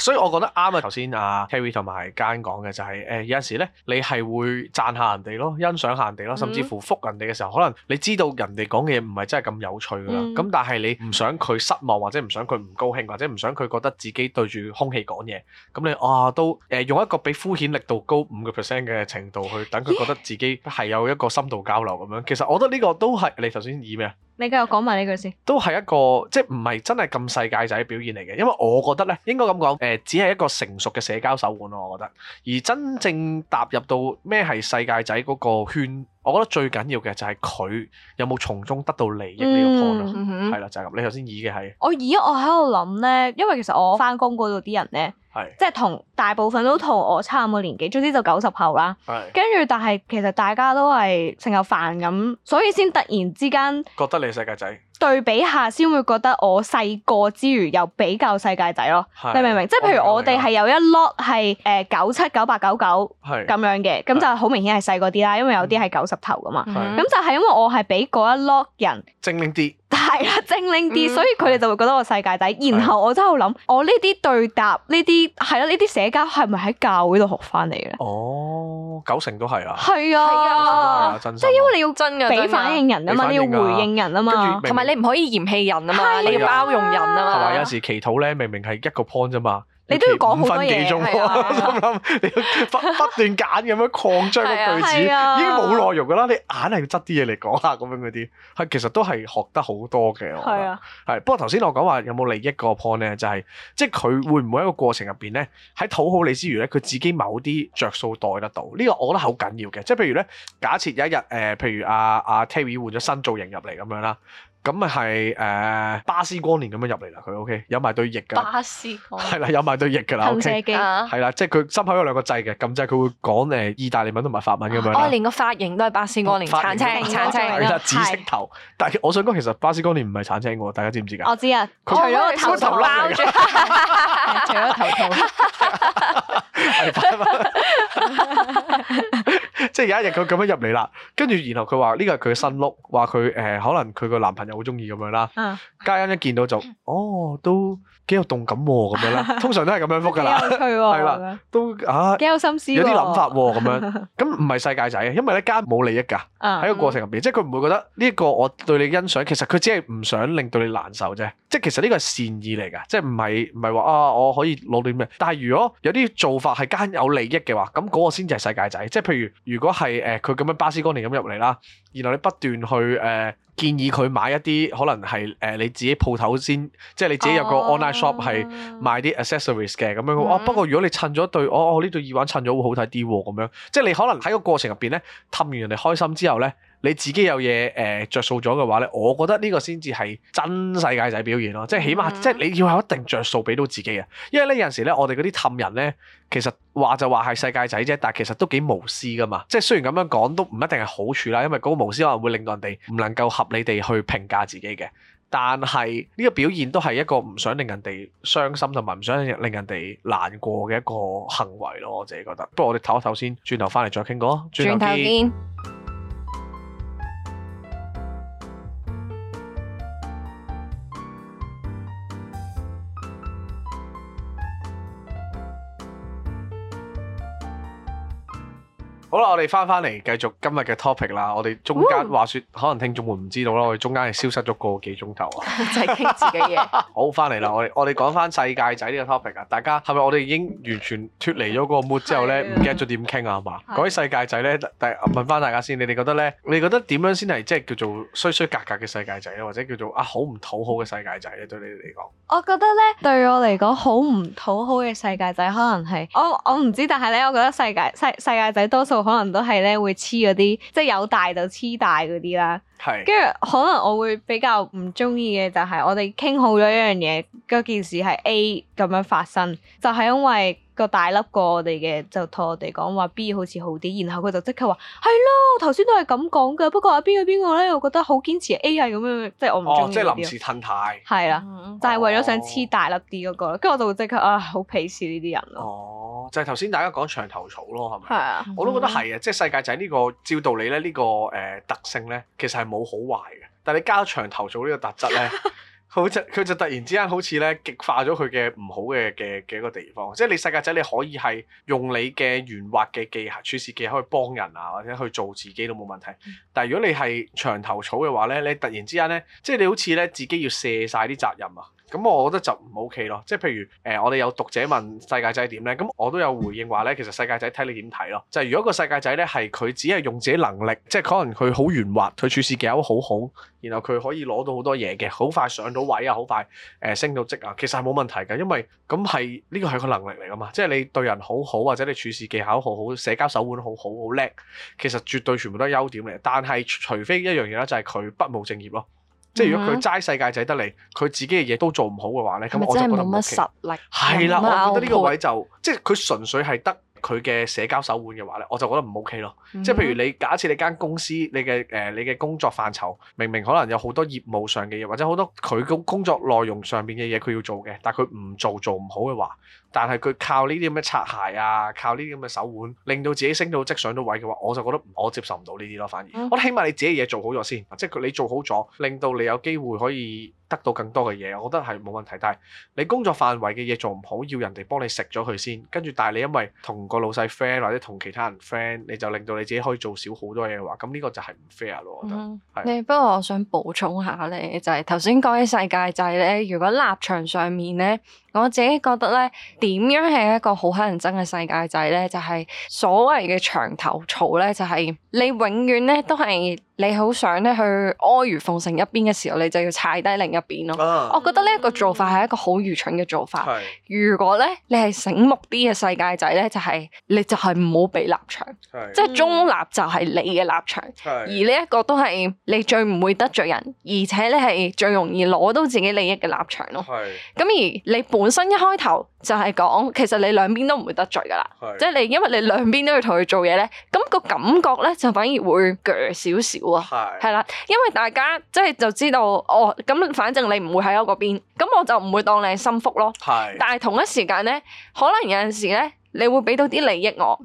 所以我覺得啱啊！頭先啊 Terri 同埋 Kayan 講嘅就係、是，誒、呃、有陣時咧，你係會贊下人哋咯，欣賞下人哋咯，甚至乎覆人哋嘅時候，可能你知道人哋講嘅嘢唔係真係咁有趣噶，咁、嗯、但係你唔想佢失望，或者唔想佢唔高興，或者唔想佢覺得自己對住空氣講嘢，咁你啊都誒、呃、用一個比敷衍力度高五個 percent 嘅程度去等佢覺得自己係有一個深度交流咁樣。咦其實我覺得呢個都係你頭先以咩啊？你繼續講埋呢句先，都係一個即係唔係真係咁世界仔表現嚟嘅，因為我覺得咧應該咁講，誒、呃、只係一個成熟嘅社交手腕咯，我覺得，而真正踏入到咩係世界仔嗰個圈。我覺得最緊要嘅就係佢有冇從中得到利益呢個 point 咯，係啦，就係、是、咁。你頭先已嘅係我而家，我喺度諗咧，因為其實我翻工嗰度啲人咧，即係是同大部分都同我差唔多年紀，總之就九十後啦。跟住是但係其實大家都係成嚿飯咁，所以先突然之間覺得你世界仔。對比下先會覺得我細個之餘又比較世界仔咯，是你明唔明？即係譬如我哋係有一 lot 係誒九七九八九九咁樣嘅，咁是就好明顯係細個啲啦，是因為有啲係九十頭噶嘛。咁是就係因為我係比嗰一 lot 人精明啲。係啦，精靈啲，所以佢哋就會覺得我世界仔。然後我真係要諗，我呢啲對答呢啲係啦，呢啲社交係咪喺教會度學翻嚟嘅？哦，九成都係啊，係啊，係啊。」真係因為你要真嘅俾反應人吖嘛，你要回應人吖嘛，同埋你唔可以嫌棄人吖嘛，你要包容人吖嘛。同埋有陣時祈禱呢，明明係一個 point 啫嘛。你都要講五分幾鐘喎，心諗、啊、 *laughs* 你不不斷揀咁樣擴張個句子，啊啊、已經冇內容噶啦，你硬係要執啲嘢嚟講下咁樣嗰啲，係其實都係學得好多嘅。係啊，係。不過頭先我講話有冇利益個 point 咧，就係、是、即係佢會唔會一個過程入邊咧，喺討好你之餘咧，佢自己某啲着數袋得到？呢、這個我覺得好緊要嘅。即係譬如咧，假設有一日誒、呃，譬如阿、啊、阿、啊啊、Terri 換咗新造型入嚟咁樣啦。咁啊係誒巴斯光年咁樣入嚟啦，佢 OK 有埋對翼噶，巴斯光年，係啦，有埋對翼噶啦，係啦，即係佢心口有兩個掣嘅，撳掣，佢會講誒意大利文同埋法文咁樣。我連個髮型都係巴斯光年，橙青橙青啊，紫色頭。但係我想講，其實巴斯光年唔係橙青噶，大家知唔知噶？我知啊，佢除咗個頭套，除咗頭套，即係有一日佢咁樣入嚟啦，跟住然後佢話呢個係佢嘅新屋，話佢誒可能佢個男朋友。好中意咁樣啦，嘉欣一見到就哦，都幾有動感咁樣啦。通常都係咁樣覆噶啦，係啦，都吓幾有心思，有啲諗法咁樣。咁唔係世界仔，因為咧，嘉欣冇利益噶，喺個過程入邊，即係佢唔會覺得呢一個我對你欣賞，其實佢只係唔想令到你難受啫。即係其實呢個係善意嚟噶，即係唔係唔係話啊，我可以攞到咩？但係如果有啲做法係嘉欣有利益嘅話，咁嗰個先至係世界仔。即係譬如如果係誒，佢咁樣巴斯光年咁入嚟啦，然後你不斷去誒。建議佢買一啲可能係誒、呃、你自己鋪頭先，即係你自己有個 online shop 係賣啲 accessories 嘅咁樣。哦，哦不過如果你襯咗對，哦哦呢對耳環襯咗會好睇啲喎，咁樣即係你可能喺個過程入邊咧，氹完人哋開心之後咧。你自己有嘢誒著數咗嘅話呢，我覺得呢個先至係真世界仔表現咯，即係起碼、嗯、即係你要有一定着數俾到自己啊。因為呢，有陣時呢，我哋嗰啲氹人呢，其實話就話係世界仔啫，但係其實都幾無私噶嘛。即係雖然咁樣講都唔一定係好處啦，因為嗰個無私可能會令到人哋唔能夠合理地去評價自己嘅。但係呢個表現都係一個唔想令人哋傷心同埋唔想令人哋難過嘅一個行為咯。我自己覺得。不如我哋唞一唞先，轉頭翻嚟再傾過。轉頭見。好啦，我哋翻翻嚟，繼續今日嘅 topic 啦。我哋中間話説，可能聽眾會唔知道啦，我哋中間係消失咗個幾鐘頭啊， *laughs* 就係傾自己嘢。好，翻嚟啦，我哋我哋講翻世界仔呢個 topic 啊。大家係咪我哋已經完全脱離咗嗰個 mood 之後咧？唔記得咗點傾啊？係嘛？講起世界仔咧，但問翻大家先，你哋覺得咧？你覺得點樣先係即係叫做衰衰格格嘅世界仔咧？或者叫做啊好唔討好嘅世界仔咧？對你哋嚟講，我覺得咧對我嚟講好唔討好嘅世界仔，可能係我我唔知，但係咧，我覺得世界世世界仔多數。可能都係咧，會黐嗰啲，即係有大就黐大嗰啲啦。係，跟住可能我會比較唔中意嘅就係，我哋傾好咗一樣嘢，嗰件事係 A 咁樣發生，就係因為，個大粒過我哋嘅，就同我哋講話 B 好似好啲，然後佢就即刻話係咯，頭先都係咁講嘅，不過阿邊個邊個咧，我覺得好堅持 A 啊咁樣，即係我唔中意呢啲。哦，即係臨時褪軚。係啦，就係、嗯、為咗想黐大粒啲嗰個啦，跟住、嗯、我就會即刻啊，好鄙視呢啲人咯。哦，就係頭先大家講長頭草咯，係咪？係啊，嗯、我都覺得係啊，即係世界仔呢個，照道理咧，呢個誒、呃、特性咧，其實係冇好壞嘅，但係你加長頭草呢個特質咧。 *laughs* 佢就佢就突然之間好似咧極化咗佢嘅唔好嘅嘅嘅一個地方，即係你世界仔，你可以係用你嘅圓滑嘅技巧處事技巧去幫人啊，或者去做自己都冇問題。但係如果你係牆頭草嘅話咧，你突然之間咧，即係你好似咧自己要卸晒啲責任啊！咁我覺得就唔 OK 咯，即係譬如誒、呃，我哋有讀者問世界仔點咧，咁我都有回應話咧，其實世界仔睇你點睇咯，就係、是、如果個世界仔咧係佢只係用自己能力，即係可能佢好圓滑，佢處事技巧好好，然後佢可以攞到好多嘢嘅，好快上到位啊，好快誒升到職啊，其實係冇問題㗎，因為咁係呢個係個能力嚟噶嘛，即係你對人好好或者你處事技巧好好，社交手腕好好好叻，其實絕對全部都係優點嚟，但係除非一樣嘢咧，就係、是、佢不務正業咯。即係如果佢齋世界仔得嚟，佢自己嘅嘢都做唔好嘅話咧，咁我就覺得冇乜實力。係啦，我覺得呢個位就，即係佢純粹係得佢嘅社交手腕嘅話咧，我就覺得唔 ok 咯。即係譬如你假設你間公司，你嘅誒、呃，你嘅工作範疇，明明可能有好多業務上嘅嘢，或者好多佢嘅工作內容上邊嘅嘢佢要做嘅，但係佢唔做，做唔好嘅話。但係佢靠呢啲咁嘅擦鞋啊，靠呢啲咁嘅手腕，令到自己升到職上到位嘅話，我就覺得我接受唔到呢啲咯。反而、嗯、我起碼你自己嘢做好咗先，即係佢你做好咗，令到你有機會可以。得到更多嘅嘢，我覺得係冇問題。但係你工作範圍嘅嘢做唔好，要人哋幫你食咗佢先。跟住，但係你因為同個老細 friend 或者同其他人 friend，你就令到你自己可以做少好多嘢嘅話。咁呢個就係唔 fair 咯。我覺得。係。不過我想補充下咧，就係頭先講起世界仔咧，如果立場上面咧，我自己覺得咧，點樣係一個好乞人憎嘅世界仔咧？就係所謂嘅牆頭草咧，就係你永遠咧都係你好想咧去阿諛奉承一邊嘅時候，你就要踩低另一邊咯？啊、我覺得呢一個做法係一個好愚蠢嘅做法。是如果咧，你係醒目啲嘅世界仔咧，就係、是、你就係唔好俾立場，即係是中立就係你嘅立場。是而呢一個都係你最唔會得罪人，而且咧係最容易攞到自己利益嘅立場咯。咁是而你本身一開頭就係講，其實你兩邊都唔會得罪㗎喇。即係是你因為你兩邊都要同佢做嘢咧，咁、那個感覺咧就反而會鋸少少啊。係啦是，因為大家即係、就是、就知道哦咁。反正你唔會喺我嗰邊，咁我就唔會當你係心腹咯。係，是 但係同一時間咧，可能有陣時咧。你會俾到啲利益我，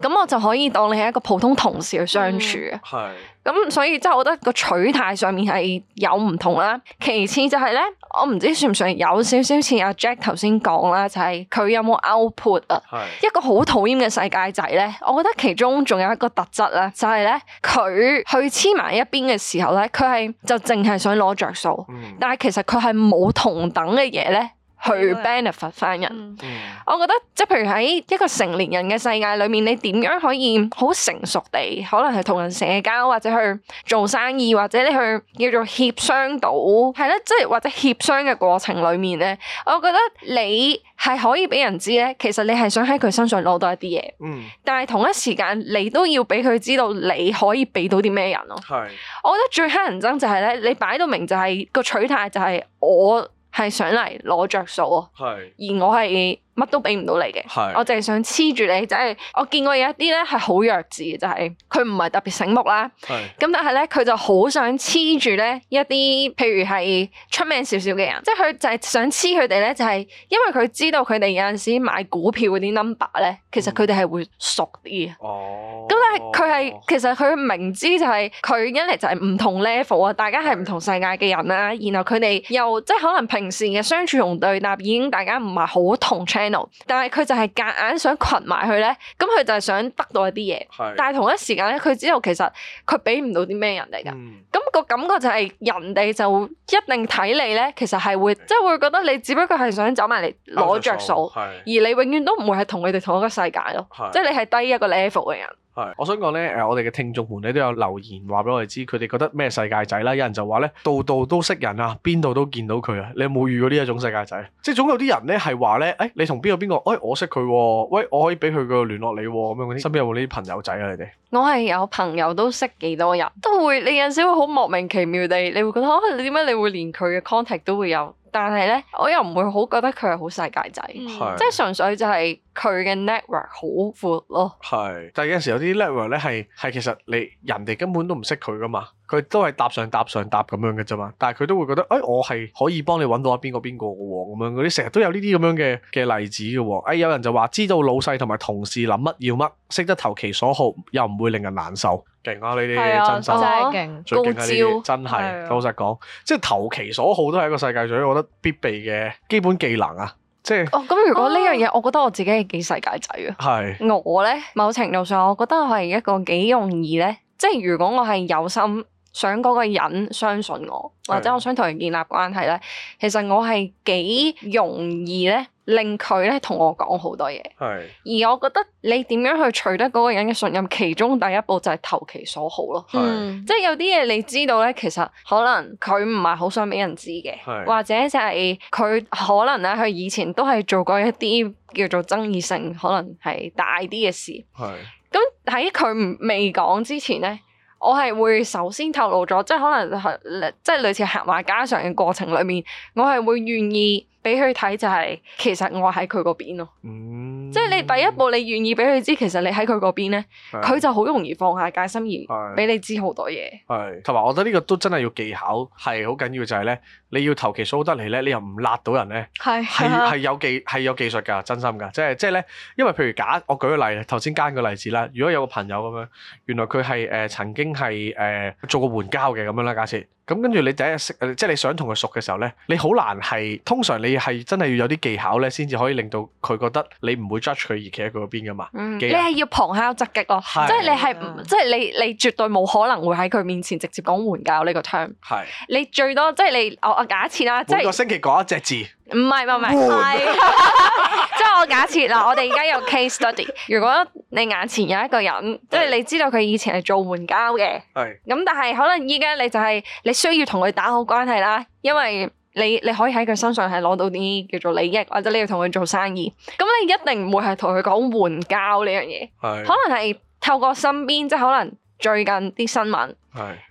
咁的我就可以當你係一個普通同事去相處嘅。咁、嗯、所以即係我覺得個取態上面係有唔同啦。其次就係、是、咧，我唔知算唔算有少少似阿 Jack 頭先講啦，就係、是、佢有冇 output 啊的？一個好討厭嘅世界仔咧，我覺得其中仲有一個特質咧，就係咧佢去黐埋一邊嘅時候咧，佢係就淨係想攞着數，嗯、但係其實佢係冇同等嘅嘢咧。去 benefit 翻人，嗯、我覺得即係譬如喺一個成年人嘅世界裏面，你點樣可以好成熟地，可能係同人社交或者去做生意，或者你去叫做協商到係咧，即係或者協商嘅過程裏面咧，我覺得你係可以俾人知咧，其實你係想喺佢身上攞到一啲嘢。嗯。但係同一時間，你都要俾佢知道你可以俾到啲咩人咯。係的。我覺得最乞人憎就係、是、咧，你擺到明就係、是那個取態就係我。係上嚟攞着數啊，是而我係，乜都俾唔到你嘅，是我淨係想黐住你。就係、是、我見過有一啲咧係好弱智嘅，就係佢唔係特別醒目啦。咁是但係咧佢就好想黐住咧一啲，譬如係出名少少嘅人，即係佢就係、是、想黐佢哋咧，就係、是、因為佢知道佢哋有陣時買股票嗰啲 number 咧，其實佢哋係會熟啲。咁但係佢係其實佢明知就係佢一嚟就係唔同 level 啊，大家係唔同世界嘅人啦。是然後佢哋又即係、就是、可能平時嘅相處同對答已經大家唔係好同 c 但係佢就係夾硬，硬想群埋佢咧，咁佢就係想得到一啲嘢。是但係同一時間咧，佢知道其實佢俾唔到啲咩人嚟噶。咁、嗯、個感覺就係人哋就一定睇你咧，其實係會即係、嗯、會覺得你只不過係想走埋嚟攞着數，數而你永遠都唔會係同佢哋同一個世界咯。即係是你係低一個 level 嘅人。係，我想講咧，誒、呃，我哋嘅聽眾們，你都有留言話俾我哋知，佢哋覺得咩世界仔啦？有人就話咧，度度都識人啊，邊度都見到佢啊！你有冇遇過呢一種世界仔？即係總有啲人咧係話咧，誒、哎，你同邊個邊個？誒、哎，我識佢、喎，喂，我可以畀佢個聯絡你咁樣啲。身邊有冇呢啲朋友仔啊？你哋？我係有朋友都識幾多人，都會，你有時會好莫名其妙地，你會覺得，哦、啊，你點解你會連佢嘅 contact 都會有？但係咧，我又唔會好覺得佢係好世界仔，是即係純粹就係佢嘅 network 好闊咯。係，但係有時有啲 network 咧係係其實你人哋根本都唔識佢噶嘛。佢都係搭上搭上搭咁樣嘅啫嘛，但係佢都會覺得，哎，我係可以幫你揾到邊個邊個嘅喎，咁樣嗰啲成日都有呢啲咁樣嘅嘅例子嘅喎、哎。有人就話知道老細同埋同事諗乜要乜，識得投其所好，又唔會令人難受，勁啊呢啲真心，真係勁，高招，真係老實講，啊、即係投其所好都係一個世界仔，我覺得必備嘅基本技能、哦哦、啊，即係哦。咁如果呢樣嘢，我覺得我自己係幾世界仔啊。係是我咧，某程度上，我覺得我係一個幾容易咧，即係如果我係有心。想嗰個人相信我，或者我想同人建立關係咧，是的 其實我係幾容易咧令佢咧同我講好多嘢。係。是的 而我覺得你點樣去取得嗰個人嘅信任，其中第一步就係投其所好咯。即係是的、嗯就是、有啲嘢你知道咧，其實可能佢唔係好想俾人知嘅，是的 或者就係佢可能咧，佢以前都係做過一啲叫做爭議性，可能係大啲嘅事。係。咁喺佢未講之前咧。我係會首先透露咗，即係可能係即係類似閒話家常嘅過程裏面，我係會願意，俾佢睇就係，其實我喺佢嗰邊咯。嗯，即係你第一步，你願意俾佢知，其實你喺佢嗰邊咧，佢、嗯、就好容易放下戒心而俾、嗯、你知好多嘢。係、嗯，同、嗯、埋我覺得呢個都真係要技巧，係好緊要就係咧，你要投其所好得嚟咧，你又唔辣到人咧。係係係有技係有技術㗎，真心㗎。即係即係咧，因為譬如假我舉個例，頭先間個例子啦，如果有個朋友咁樣，原來佢係誒曾經係誒、呃、做過援交嘅咁樣啦，假設。咁跟住你第一日識，即係你想同佢熟嘅時候咧，你好難係通常你係真係要有啲技巧咧，先至可以令到佢覺得你唔會 judge 佢而企喺佢嗰邊噶嘛。嗯、然你係要旁敲側擊咯，即係是你係即係你你絕對冇可能會喺佢面前直接講援交呢個 term。係是你最多即係、就是、你我我假設啦，即係一個星期講一隻字。唔係唔係唔係，即係 *laughs* *laughs* 我假設嗱，我哋而家有 case study。如果你眼前有一個人，是即係你知道佢以前係做援交嘅，係咁是，但係可能依家你就係、是、你需要同佢打好關係啦，因為你你可以喺佢身上係攞到啲叫做利益，或者你要同佢做生意，咁你一定唔會係同佢講援交呢樣嘢，係是可能係透過身邊，即係可能最近啲新聞。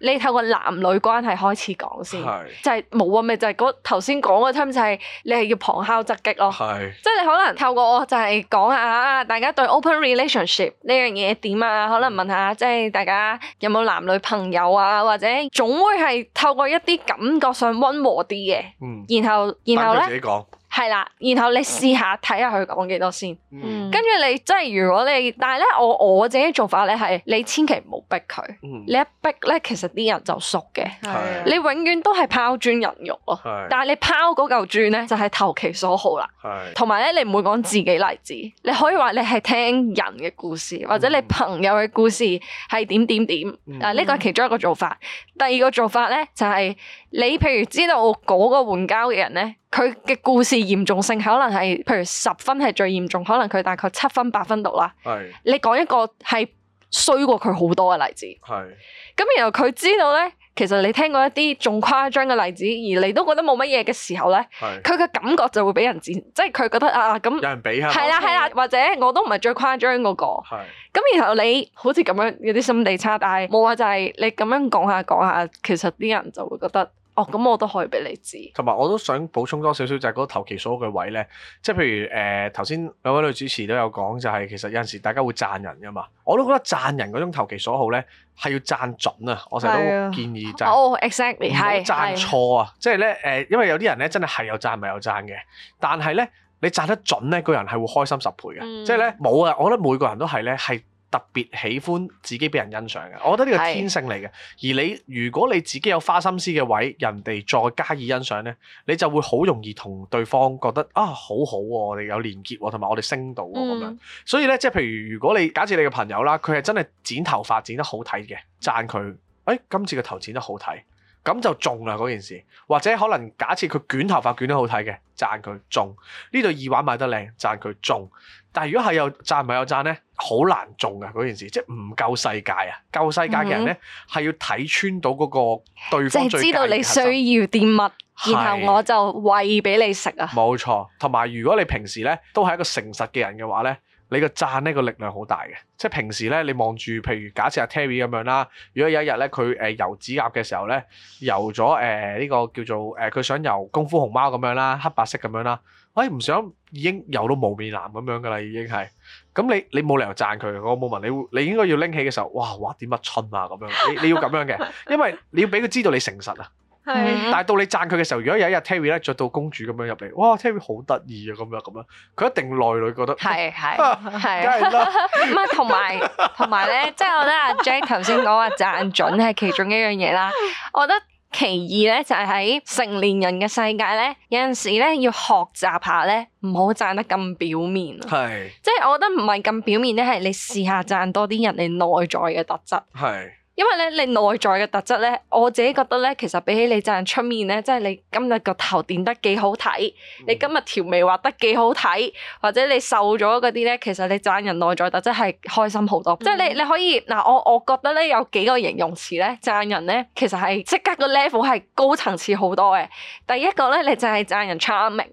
你透過男女關係開始講先是 就、啊，就係冇啊，咪就係嗰頭先講嘅 theme 就係你係要旁敲側擊咯，是 即係你可能透過我就係講下大家對 open relationship 呢樣嘢點啊？可能問下即係大家有冇男女朋友啊，或者總會係透過一啲感覺上溫和啲嘅、嗯，然後然後咧。自己講。係啦，然後你試下睇下佢講幾多先，跟住、嗯、你即係如果你，但係咧我我自己做法咧係，你千祈唔好逼佢，嗯、你一逼咧其實啲人就熟嘅，係你永遠都係拋磚引玉咯係。但係你拋嗰嚿磚咧就係投其所好啦。同埋咧你唔會講自己例子，你可以話你係聽人嘅故事或者你朋友嘅故事係點點點，啊呢、嗯嗯、個係其中一個做法。第二個做法咧就係、係。你譬如知道我嗰個援交嘅人咧，佢嘅故事嚴重性可能係，譬如十分係最嚴重，可能佢大概七分八分度啦。係是。你講一個係衰過佢好多嘅例子。係是。咁然後佢知道咧，其實你聽過一啲仲誇張嘅例子，而你都覺得冇乜嘢嘅時候咧，佢嘅是感覺就會俾人賤，即係佢覺得啊咁。有人比下。係啦，係啦，或者我都唔係最誇張嗰個。咁是然後你好似咁樣有啲心地差，但係冇話就係、是、你咁樣講下講下，其實啲人就會覺得。哦，咁我都可以俾你知。同埋我都想補充多少少就係嗰投其所好嘅位咧，即係譬如誒頭先兩位女主持都有講，就係其實有陣時大家會贊人噶嘛。我都覺得贊人嗰種投其所好咧，係要贊準啊！我成日都建議就唔好贊錯啊！即係咧誒，因為有啲人咧真係係有贊咪有贊嘅，但係咧你贊得準咧，個人係會開心十倍嘅。即係咧冇啊！我覺得每個人都係咧係。特別喜歡自己俾人欣賞嘅，我覺得呢個天性嚟嘅。是而你如果你自己有花心思嘅位，人哋再加以欣賞呢，你就會好容易同對方覺得啊，好好喎、啊，我哋有連結喎、啊，同埋我哋升到喎、啊、咁樣。嗯、所以呢，即係譬如如果你假設你嘅朋友啦，佢係真係剪頭髮剪得好睇嘅，讚佢，誒、哎、今次個頭剪得好睇，咁就中啦嗰件事。或者可能假設佢捲頭髮捲得好睇嘅，讚佢中，呢對耳環買得靚，讚佢中。但係如果係有讚唔係有讚呢？好難做啊！嗰件事即係唔夠世界啊，夠世界嘅人咧係要睇穿到嗰個對方。即、嗯就是、知道你需要啲乜，然後我就餵俾你食啊！冇錯，同埋如果你平時咧都係一個誠實嘅人嘅話咧，你嘅讚呢個力量好大嘅。即係平時咧，你望住譬如假設阿 Terri 咁樣啦，如果有一日咧佢誒油指鴨嘅時候咧油咗誒呢個叫做誒佢、呃、想油功夫熊貓咁樣啦，黑白色咁樣啦。哎，唔想已經有到無面男咁樣噶啦，已經係。咁你你冇理由讚佢，我冇問你，你應該要拎起嘅時候，哇哇點乜春啊？咁樣，你你要咁樣嘅，因為你要俾佢知道你誠實啊。係。但係到你讚佢嘅時候，如果有一日 Terri 咧著到公主咁樣入嚟，哇 Terri 好得意啊咁樣咁樣，佢一定內裏覺得係係係。梗係啦。唔係同埋同埋咧，即係我覺得阿 Jack 頭先講話讚準係其中一樣嘢啦，我覺得。其二咧，就係喺成年人嘅世界咧，有陣時咧要學習下咧，唔好賺得咁表面。係，即係我覺得唔係咁表面咧，係你試下賺多啲人哋內在嘅特質。係。因為咧，你內在嘅特質咧，我自己覺得咧，其實比起你讚人出面咧，即係你今日個頭點得幾好睇，你今日條眉畫得幾好睇，或者你瘦咗嗰啲咧，其實你讚人內在特質係開心好多。嗯、即係你你可以嗱、啊，我我覺得咧有幾個形容詞咧，讚人咧其實係即刻個 level 係高層次好多嘅。第一個咧，你就係讚人 charming，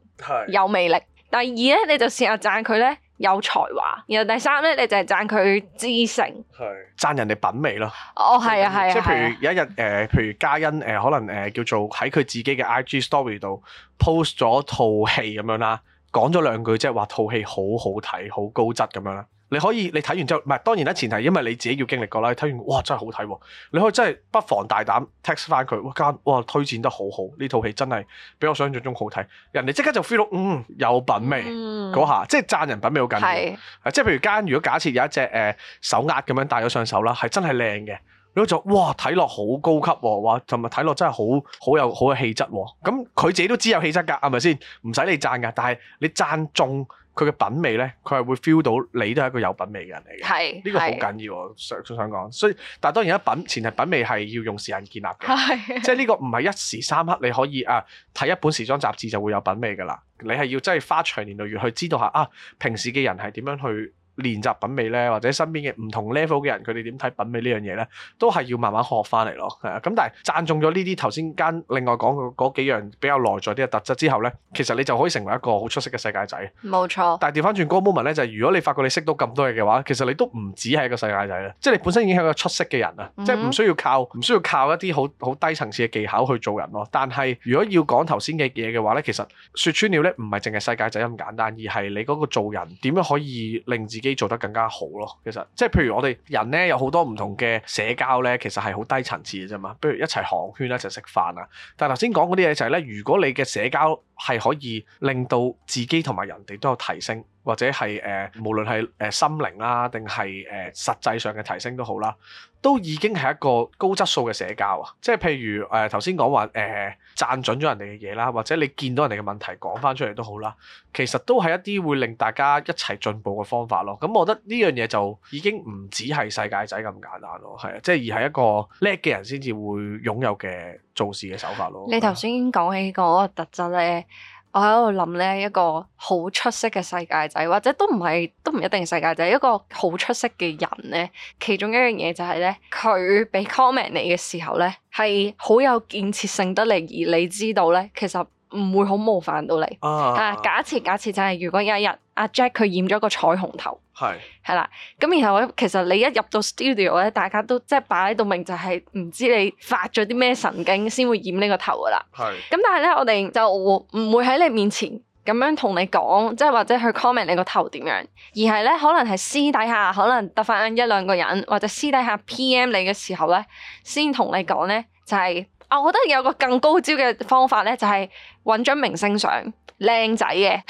有魅力。是第二咧，你就試下讚佢咧。有才華，然後第三咧，你就係讚佢知性，係讚人哋品味咯。哦，係啊，係啊，啊，即係譬如，有一日誒、呃，譬如嘉欣誒、呃，可能誒、呃、叫做喺佢自己嘅 IG Story 度 post 咗套戲咁樣啦，講咗兩句即係話套戲好好睇，好高質咁樣啦。你可以你睇完之後，唔係當然啦，前提因為你自己要經歷過啦。你睇完，哇真係好睇喎、啊！你可以真係不妨大膽 text 返佢，哇間哇推薦得好好，呢套戲真係比我想像中好睇。人哋即刻就 feel 到，嗯，有品味嗰下、嗯，即係讚人品味好緊要。即係是、啊、譬如間，如果假設有一隻誒、呃、手鐲咁樣戴咗上手啦，係真係靚嘅，你就：哇啊「哇睇落好高級喎，哇同埋睇落真係好好有好有氣質喎、啊。咁佢自己都知有氣質㗎，係咪先？唔使你讚㗎，但係你讚中。佢嘅品味呢，佢係會 feel 到你都係一個有品味嘅人嚟嘅。係是，呢個好緊要，是我想想講。所以，但係當然一品，前提品味係要用時間建立嘅。是的 即係呢個唔係一時三刻你可以啊睇一本時裝雜誌就會有品味㗎啦。你係要真係花長年累月去知道下啊，平時嘅人係點樣去。練習品味咧，或者身邊嘅唔同 level 嘅人，佢哋點睇品味呢樣嘢咧，都係要慢慢學翻嚟咯。係啊，咁但係讚中咗呢啲頭先間另外講嘅嗰幾樣比較內在啲嘅特質之後咧，其實你就可以成為一個好出色嘅世界仔。冇錯。但係調翻轉嗰 moment 咧，就係、是、如果你發覺你識到咁多嘢嘅話，其實你都唔止係一個世界仔啦，即係你本身已經係一個出色嘅人啊！嗯、即係唔需要靠唔需要靠一啲好好低層次嘅技巧去做人咯。但係如果要講頭先嘅嘢嘅話咧，其實説穿了咧，唔係淨係世界仔咁簡單，而係你嗰個做人點樣可以令自自己做得更加好咯，其實即係譬如我哋人呢，有好多唔同嘅社交呢，其實係好低層次嘅啫嘛，不如一齊行圈，一齊食飯啊。但係頭先講嗰啲嘢就係呢：如果你嘅社交係可以令到自己同埋人哋都有提升，或者係誒、呃、無論係誒、呃、心靈啦，定係誒實際上嘅提升都好啦，都已經係一個高質素嘅社交啊！即係譬如誒頭先講話誒讚準咗人哋嘅嘢啦，或者你見到人哋嘅問題講返出嚟都好啦，其實都係一啲會令大家一齊進步嘅方法咯。咁我覺得呢樣嘢就已經唔止係世界仔咁簡單咯，係啊，即係而係一個叻嘅人先至會擁有嘅。做事嘅手法咯。你頭先講起個特質咧，我喺度諗咧，一個好出色嘅世界仔，或者都唔係，都唔一定世界仔，一個好出色嘅人咧。其中一樣嘢就係咧，佢俾 comment 你嘅時候咧，係好有建設性得嚟，而你知道咧，其實。唔會好冒犯到你。啊，假設假設就係如果有一日阿 Jack 佢染咗個彩虹頭，係係是啦，咁然後咧，其實你一入到 studio 咧，大家都即係擺喺度，明，就係唔知你發咗啲咩神經先會染呢個頭噶啦。係是。咁但係咧，我哋就唔會喺你面前咁樣同你講，即係或者去 comment 你個頭點樣，而係咧可能係私底下可能得返一兩個人或者私底下 PM 你嘅時候咧，先同你講咧，就係、是、啊，我覺得有個更高招嘅方法咧、就是，就係。揾張明星相，靚仔嘅，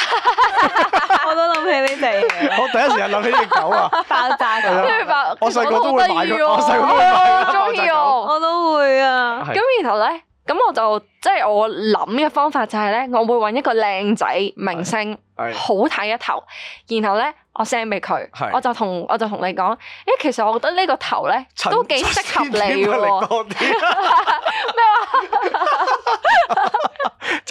我都諗起你哋。我第一時間諗起隻狗啊， *laughs* *laughs* 爆炸咁狗，跟住爆， *laughs* 我細個都會個我嘅，哦，係中意我， *laughs* 我都會啊。咁然後咧，咁我就即係我諗嘅方法就係咧，我會揾一個靚仔明星，好睇一頭，然後咧我 send 俾佢，我就同我就同你講，誒，其實我覺得呢個頭咧都幾適合你嘅。咩話？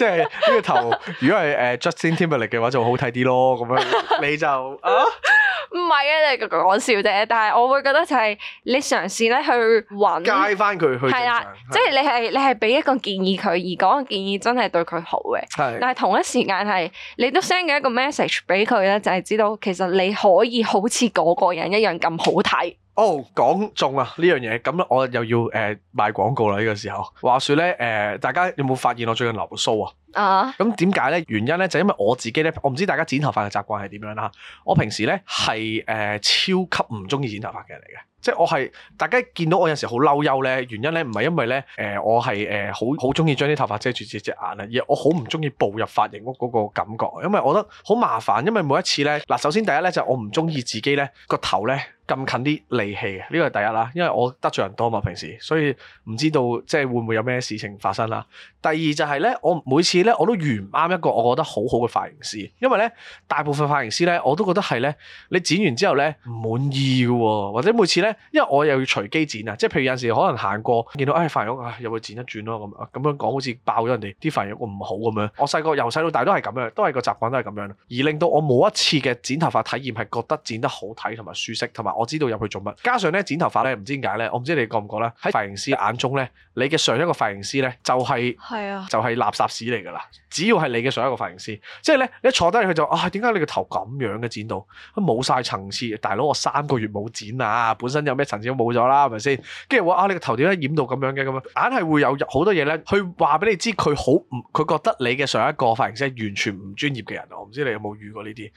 *laughs* 即係呢個頭，如果係誒、uh, Justin Timberlake 嘅話就好睇啲咯。咁樣你就 *laughs* 啊，唔係 *laughs* 啊，你講笑啫。但係我會覺得就係你嘗試咧去揾，介翻佢去係啦。啊、即係你係你係俾一個建議佢，而嗰個建議真係對佢好嘅。係是，但係同一時間係你都 send 嘅一個 message 俾佢咧，就係、是、知道其實你可以好似嗰個人一樣咁好睇。哦，講、oh, 中啊呢樣嘢，咁我又要誒賣廣告啦呢、這個時候。話說咧，誒、呃、大家有冇發現我最近留鬚啊？啊，咁點解咧？原因咧就係、因為我自己咧，我唔知大家剪頭髮嘅習慣係點樣啦。我平時咧係誒超級唔中意剪頭髮嘅人嚟嘅，即係我係大家見到我有陣時好嬲憂咧，原因咧唔係因為咧誒、呃、我係誒好好中意將啲頭髮遮住隻隻眼啊，而我好唔中意步入髮型屋嗰個感覺，因為我覺得好麻煩，因為每一次咧嗱，首先第一咧就係、我唔中意自己咧、呢個頭咧咁近啲利器，呢個係第一啦，因為我得罪人多嘛，平時所以唔知道即係會唔會有咩事情發生啦。第二就係咧我每次。我都遇唔啱一個我覺得好好嘅髮型師，因為咧大部分髮型師咧我都覺得係咧，你剪完之後咧唔滿意嘅喎、哦，或者每次咧，因為我又要隨機剪啊，即係譬如有陣時可能行過見到唉、哎、髮型又會、哎、剪一轉咯，咁咁樣講好似爆咗人哋啲髮型個唔好咁樣。我細個由細到大都係咁樣，都係個習慣都係咁樣而令到我冇一次嘅剪頭髮體驗係覺得剪得好睇同埋舒適，同埋我知道入去做乜。加上咧剪頭髮咧唔知點解咧，我唔知你覺唔覺咧？喺髮型師眼中咧，你嘅上一個髮型師咧就係、係啊、就係垃圾屎嚟嘅。對吧。只要係你嘅上一個髮型師，即係咧，你一坐低去就啊，點解你個頭咁樣嘅剪到，都冇晒層次。大佬我三個月冇剪啊，本身有咩層次都冇咗啦，係咪先？跟住我啊，你個頭點解染到咁樣嘅咁樣，硬係會有好多嘢咧。佢話俾你知，佢好唔，佢覺得你嘅上一個髮型師係完全唔專業嘅人。我唔知你有冇遇過呢啲，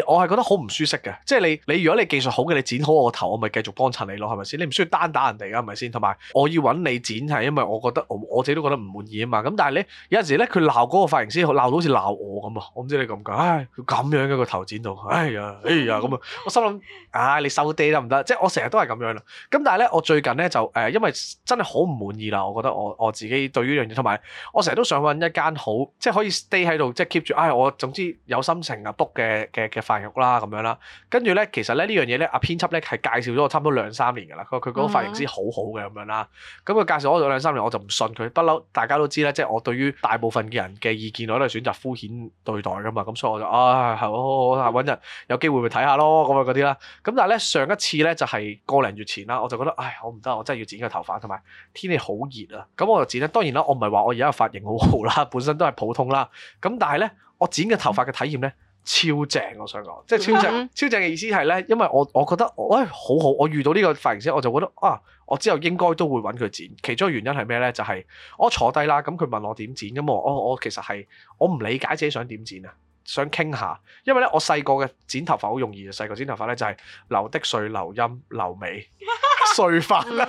而我係覺得好唔舒適嘅。即係你，你如果你技術好嘅，你剪好我個頭，我咪繼續幫襯你咯，係咪先？你唔需要單打人哋㗎，係咪先？同埋我要揾你剪係因為我覺得我，我自己都覺得唔滿意啊嘛。咁但係咧，有陣時咧，佢鬧嗰個髮。髮型師鬧到好似鬧我咁啊！我唔知你覺唔覺？唉，咁樣嘅、啊、個頭剪到，哎呀，哎呀咁啊！我心諗，唉，你收爹得唔得？即係我成日都係咁樣啦。咁但係咧，我最近咧就誒，因為真係好唔滿意啦。我覺得我我自己對於呢樣嘢，同埋我成日都想搵一間好，即係可以 stay 喺度，即係 keep 住。唉，我總之有心情啊 book 嘅嘅嘅髮型啦咁樣啦。跟住咧，其實咧呢樣嘢咧，阿編輯咧係介紹咗我差唔多兩三年噶啦。佢佢嗰個髮型師好好嘅咁樣啦。咁佢介紹咗兩三年，我就唔信佢。不嬲，大家都知咧，即係我對於大部分嘅人嘅。見到都係選擇敷衍對待噶嘛，咁所以我就啊，好，我我揾日有機會去睇下咯，咁啊嗰啲啦。咁但係咧上一次咧就係個零月前啦，我就覺得唉，我唔得，我真係要剪個頭髮，同埋天氣好熱啊。咁我就剪啦。當然啦，我唔係話我而家個髮型好好啦，本身都係普通啦。咁但係咧，我剪嘅頭髮嘅體驗咧超正，我想講，即係超正超正嘅意思係咧，因為我我覺得唉好好，我遇到呢個髮型之後我就覺得啊。我之後應該都會揾佢剪，其中一個原因係咩咧？就係、係、我坐低啦，咁佢問我點剪，咁我我我其實係我唔理解自己想點剪啊，想傾下，因為咧我細個嘅剪頭髮好容易，細個剪頭髮咧就係留的碎、留音、留尾碎髮啦，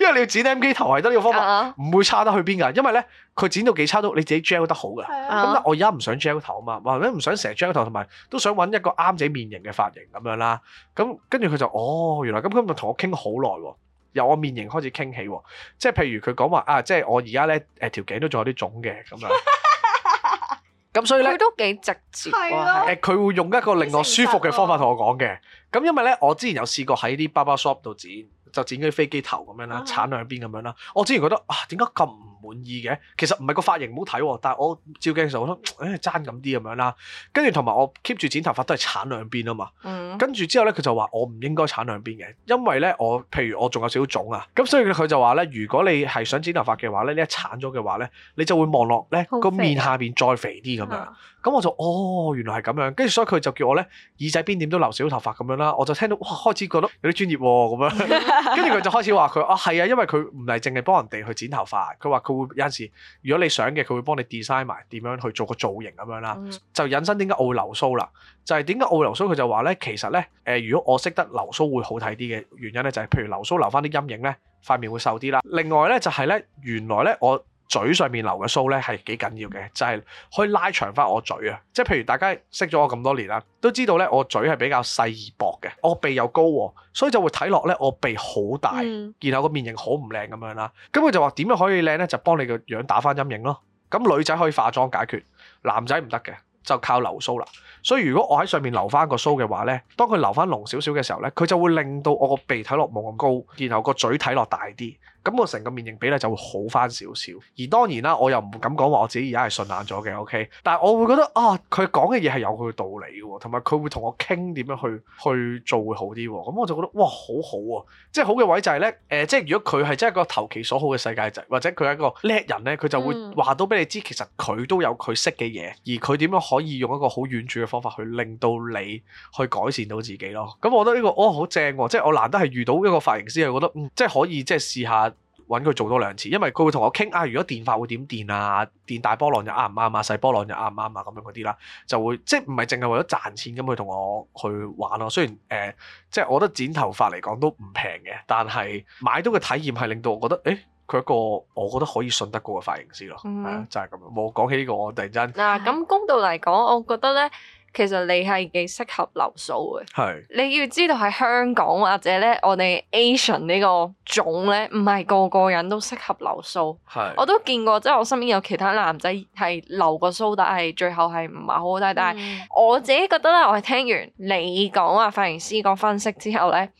因為你要剪 MK 頭係得呢個方法，唔 *laughs* 會差得去邊噶。因為咧佢剪到幾差都你自己 gel 得好噶，咁 *laughs* 我而家唔想 gel 頭啊嘛，或者唔想成日 gel 頭，同埋都想揾一個啱自己面型嘅髮型咁樣啦，咁跟住佢就哦，原來咁今日同我傾好耐喎。由我面型開始傾起喎，即係譬如佢講話啊，即係我而家咧誒條頸都仲有啲腫嘅咁啊，咁 *laughs* 所以咧佢都幾直接，誒佢的、呃、會用一個令我舒服嘅方法同我講嘅，咁 *laughs* 因為咧我之前有試過喺啲 barber shop 度剪，就剪啲飛機頭咁樣啦，鏟 *laughs* 兩邊咁樣啦，我之前覺得啊點解咁？滿意嘅，其實唔係個髮型唔好睇喎，但係我照鏡嘅時候覺得，誒爭咁啲咁樣啦。跟住同埋我 keep 住剪頭髮都係鏟兩邊啊嘛。跟住、嗯、之後咧，佢就話我唔應該鏟兩邊嘅，因為咧我譬如我仲有少少腫啊，咁所以佢就話咧，如果你係想剪頭髮嘅話咧，你一鏟咗嘅話咧，你就會望落咧個面下邊再肥啲咁樣。咁、啊、我就哦，原來係咁樣。跟住所以佢就叫我咧耳仔邊點都留少少頭髮咁樣啦。我就聽到哇，開始覺得有啲專業咁、啊、樣。跟住佢就開始話佢哦，係啊，啊，因為佢唔係淨係幫人哋去剪頭髮，佢話佢。會有陣時，如果你想嘅，佢會幫你 design 埋點樣去做個造型咁樣啦。嗯、就引申點解我會留鬚啦？就係點解我會留鬚？佢就話咧，其實咧，誒、呃，如果我識得留鬚會好睇啲嘅原因咧，就係譬如留鬚留翻啲陰影咧，塊面會瘦啲啦。另外咧就係、是、咧，原來咧我。嘴上面留嘅鬚咧係幾緊要嘅，就係、是、可以拉長翻我嘴啊！即係譬如大家識咗我咁多年啦，都知道咧我嘴係比較細而薄嘅，我鼻又高喎，所以就會睇落咧我鼻好大，然後個面型好唔靚咁樣啦。咁、嗯、佢、嗯、就話點樣可以靚咧？就幫你個樣打翻陰影咯。咁、嗯、女仔可以化妝解決，男仔唔得嘅，就靠留須啦。所以如果我喺上面留翻個須嘅話咧，當佢留翻濃少少嘅時候咧，佢就會令到我個鼻睇落冇咁高，然後個嘴睇落大啲。咁我成個面型比例就會好翻少少，而當然啦，我又唔敢講話我自己而家係順眼咗嘅，OK。但係我會覺得啊，佢講嘅嘢係有佢嘅道理喎，同埋佢會同我傾點樣去去做會好啲喎。咁我就覺得哇，好好喎、啊，即係好嘅位就係、是、呢。誒、呃，即係如果佢係真係個投其所好嘅世界仔，或者佢係一個叻人呢，佢就會話到俾你知，其實佢都有佢識嘅嘢，嗯、而佢點樣可以用一個好遠處嘅方法去令到你去改善到自己咯。咁我覺得呢、這個哦好正喎，即係我難得係遇到一個髮型師，又覺得、嗯、即係可以即係試下。搵佢做多兩次，因為佢會同我傾啊，如果電發會點電啊，電大波浪就啱唔啱啊，細波浪就啱唔啱啊，咁樣嗰啲啦，就會即係唔係淨係為咗賺錢咁去同我去玩咯。雖然誒、呃，即係我覺得剪頭髮嚟講都唔平嘅，但係買到嘅體驗係令到我覺得，誒，佢一個我覺得可以信得過嘅髮型師咯、嗯啊，就係、是、咁樣。我講起呢、這個，我突然間嗱、啊，咁公道嚟講，我覺得呢。其實你係幾適合留蘇嘅，是你要知道喺香港或者咧，我哋 Asian 呢個種咧，唔係個個人都適合留蘇。係是，我都見過，即係我身邊有其他男仔係留過蘇，但係最後係唔係好好睇。嗯、但係我自己覺得咧，我係聽完你講啊髮型師個分析之後咧，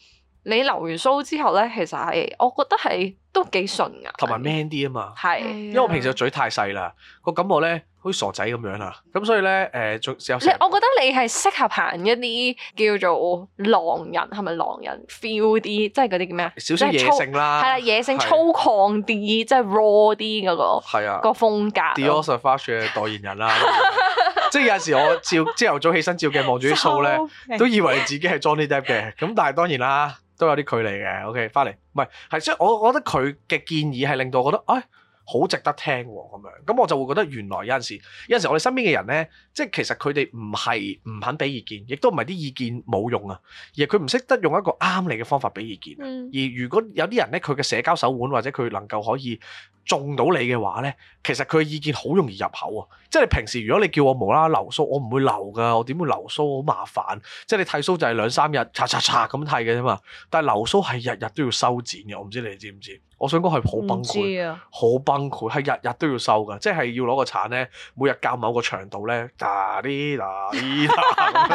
你留完蘇之後咧，其實係，我覺得係。都幾順噶，同埋 man 啲啊嘛，啊因為我平時個嘴太細啦，個感覺咧好似傻仔咁樣啦，咁所以咧誒仲有，我覺得你係適合行一啲叫做狼人，係咪狼人 feel 啲，即係嗰啲叫咩啊？少少野性啦，係啦，啊、野性粗獷啲，啊、即係 raw 啲嗰、嗰個，啊，個風格。Dior Sauvage 嘅代言人啦、啊， *laughs* 即係有時我照即係朝頭早起身照鏡望住啲鬚咧，show, *laughs* 都以為自己係 Johnny Depp 嘅，咁但係當然啦，都有啲距離嘅。OK，翻嚟。唔係，係所以，我覺得佢嘅建議係令到我覺得，哎，好值得聽喎、啊、咁樣。咁我就會覺得原來有陣時，有陣時我哋身邊嘅人咧，即係其實佢哋唔係唔肯俾意見，亦都唔係啲意見冇用啊。而佢唔識得用一個啱你嘅方法俾意見。嗯、而如果有啲人咧，佢嘅社交手腕或者佢能夠可以。中到你嘅話咧，其實佢嘅意見好容易入口啊！即係你平時如果你叫我無啦啦留須，我唔會留噶，我點會留須？好麻煩！即係你剃須就係兩三日，擦擦擦咁剃嘅啫嘛。但係留須係日日都要修剪嘅，我唔知你哋知唔知？我想講係好崩潰，好、啊、崩潰，係日日都要收㗎，即係要攞個鏟咧，每日教某個長度咧，嗱啲嗱啲，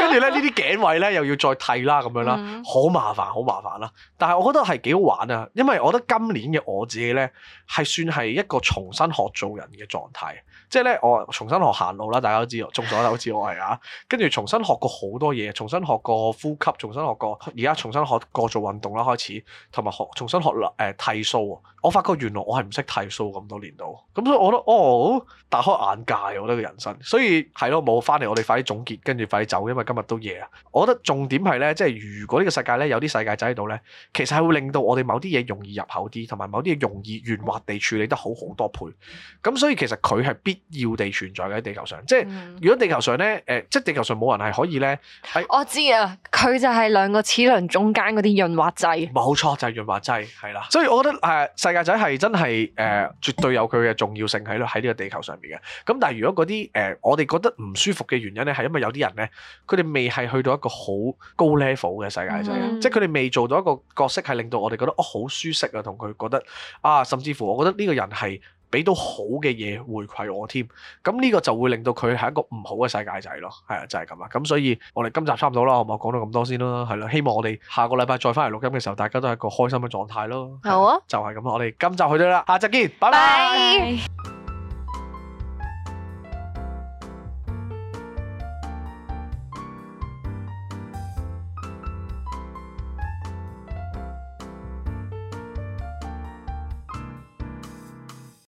跟住咧呢啲頸位咧又要再剃啦咁樣啦，好麻煩，好麻煩啦。但係我覺得係幾好玩啊，因為我覺得今年嘅我自己咧係算係一個重新學做人嘅狀態，即係咧我重新學行路啦，大家都知，眾所好似我係啊，跟住重新學過好多嘢，重新學過呼吸，重新學過而家重新學過做運動啦，開始同埋學。重新學誒、呃、剃鬚，我發覺原來我係唔識剃鬚咁多年度，咁所以我覺得哦覺得大開眼界，我覺得個人生，所以係咯冇翻嚟，我哋快啲總結，跟住快啲走，因為今日都夜啊！我覺得重點係咧，即係如果呢個世界咧有啲世界仔喺度咧，其實係會令到我哋某啲嘢容易入口啲，同埋某啲嘢容易圓滑地處理得好好多倍。咁所以其實佢係必要地存在喺地球上，即係如果地球上咧誒、呃，即係地球上冇人係可以咧，哎、我知啊，佢就係兩個齒輪中間嗰啲潤滑劑，冇錯就係、係、潤滑劑劑。係啦，就是，所以我覺得誒、啊，世界仔係真係誒、呃，絕對有佢嘅重要性喺度，喺呢個地球上面嘅。咁但係如果嗰啲誒，我哋覺得唔舒服嘅原因咧，係因為有啲人咧，佢哋未係去到一個好高 level 嘅世界仔，嗯，即係佢哋未做到一個角色，係令到我哋覺得哦好舒適啊，同佢覺得啊，甚至乎我覺得呢個人係。俾到好嘅嘢回饋我添，咁呢個就會令到佢係一個唔好嘅世界仔咯，係啊，就係咁啊。咁、就係、所以我哋今集差唔多啦，好唔好？講到咁多先啦，係啦、啊。希望我哋下個禮拜再翻嚟錄音嘅時候，大家都係一個開心嘅狀態咯。啊好啊，就係咁啦，我哋今集去到啦，下集見，拜拜。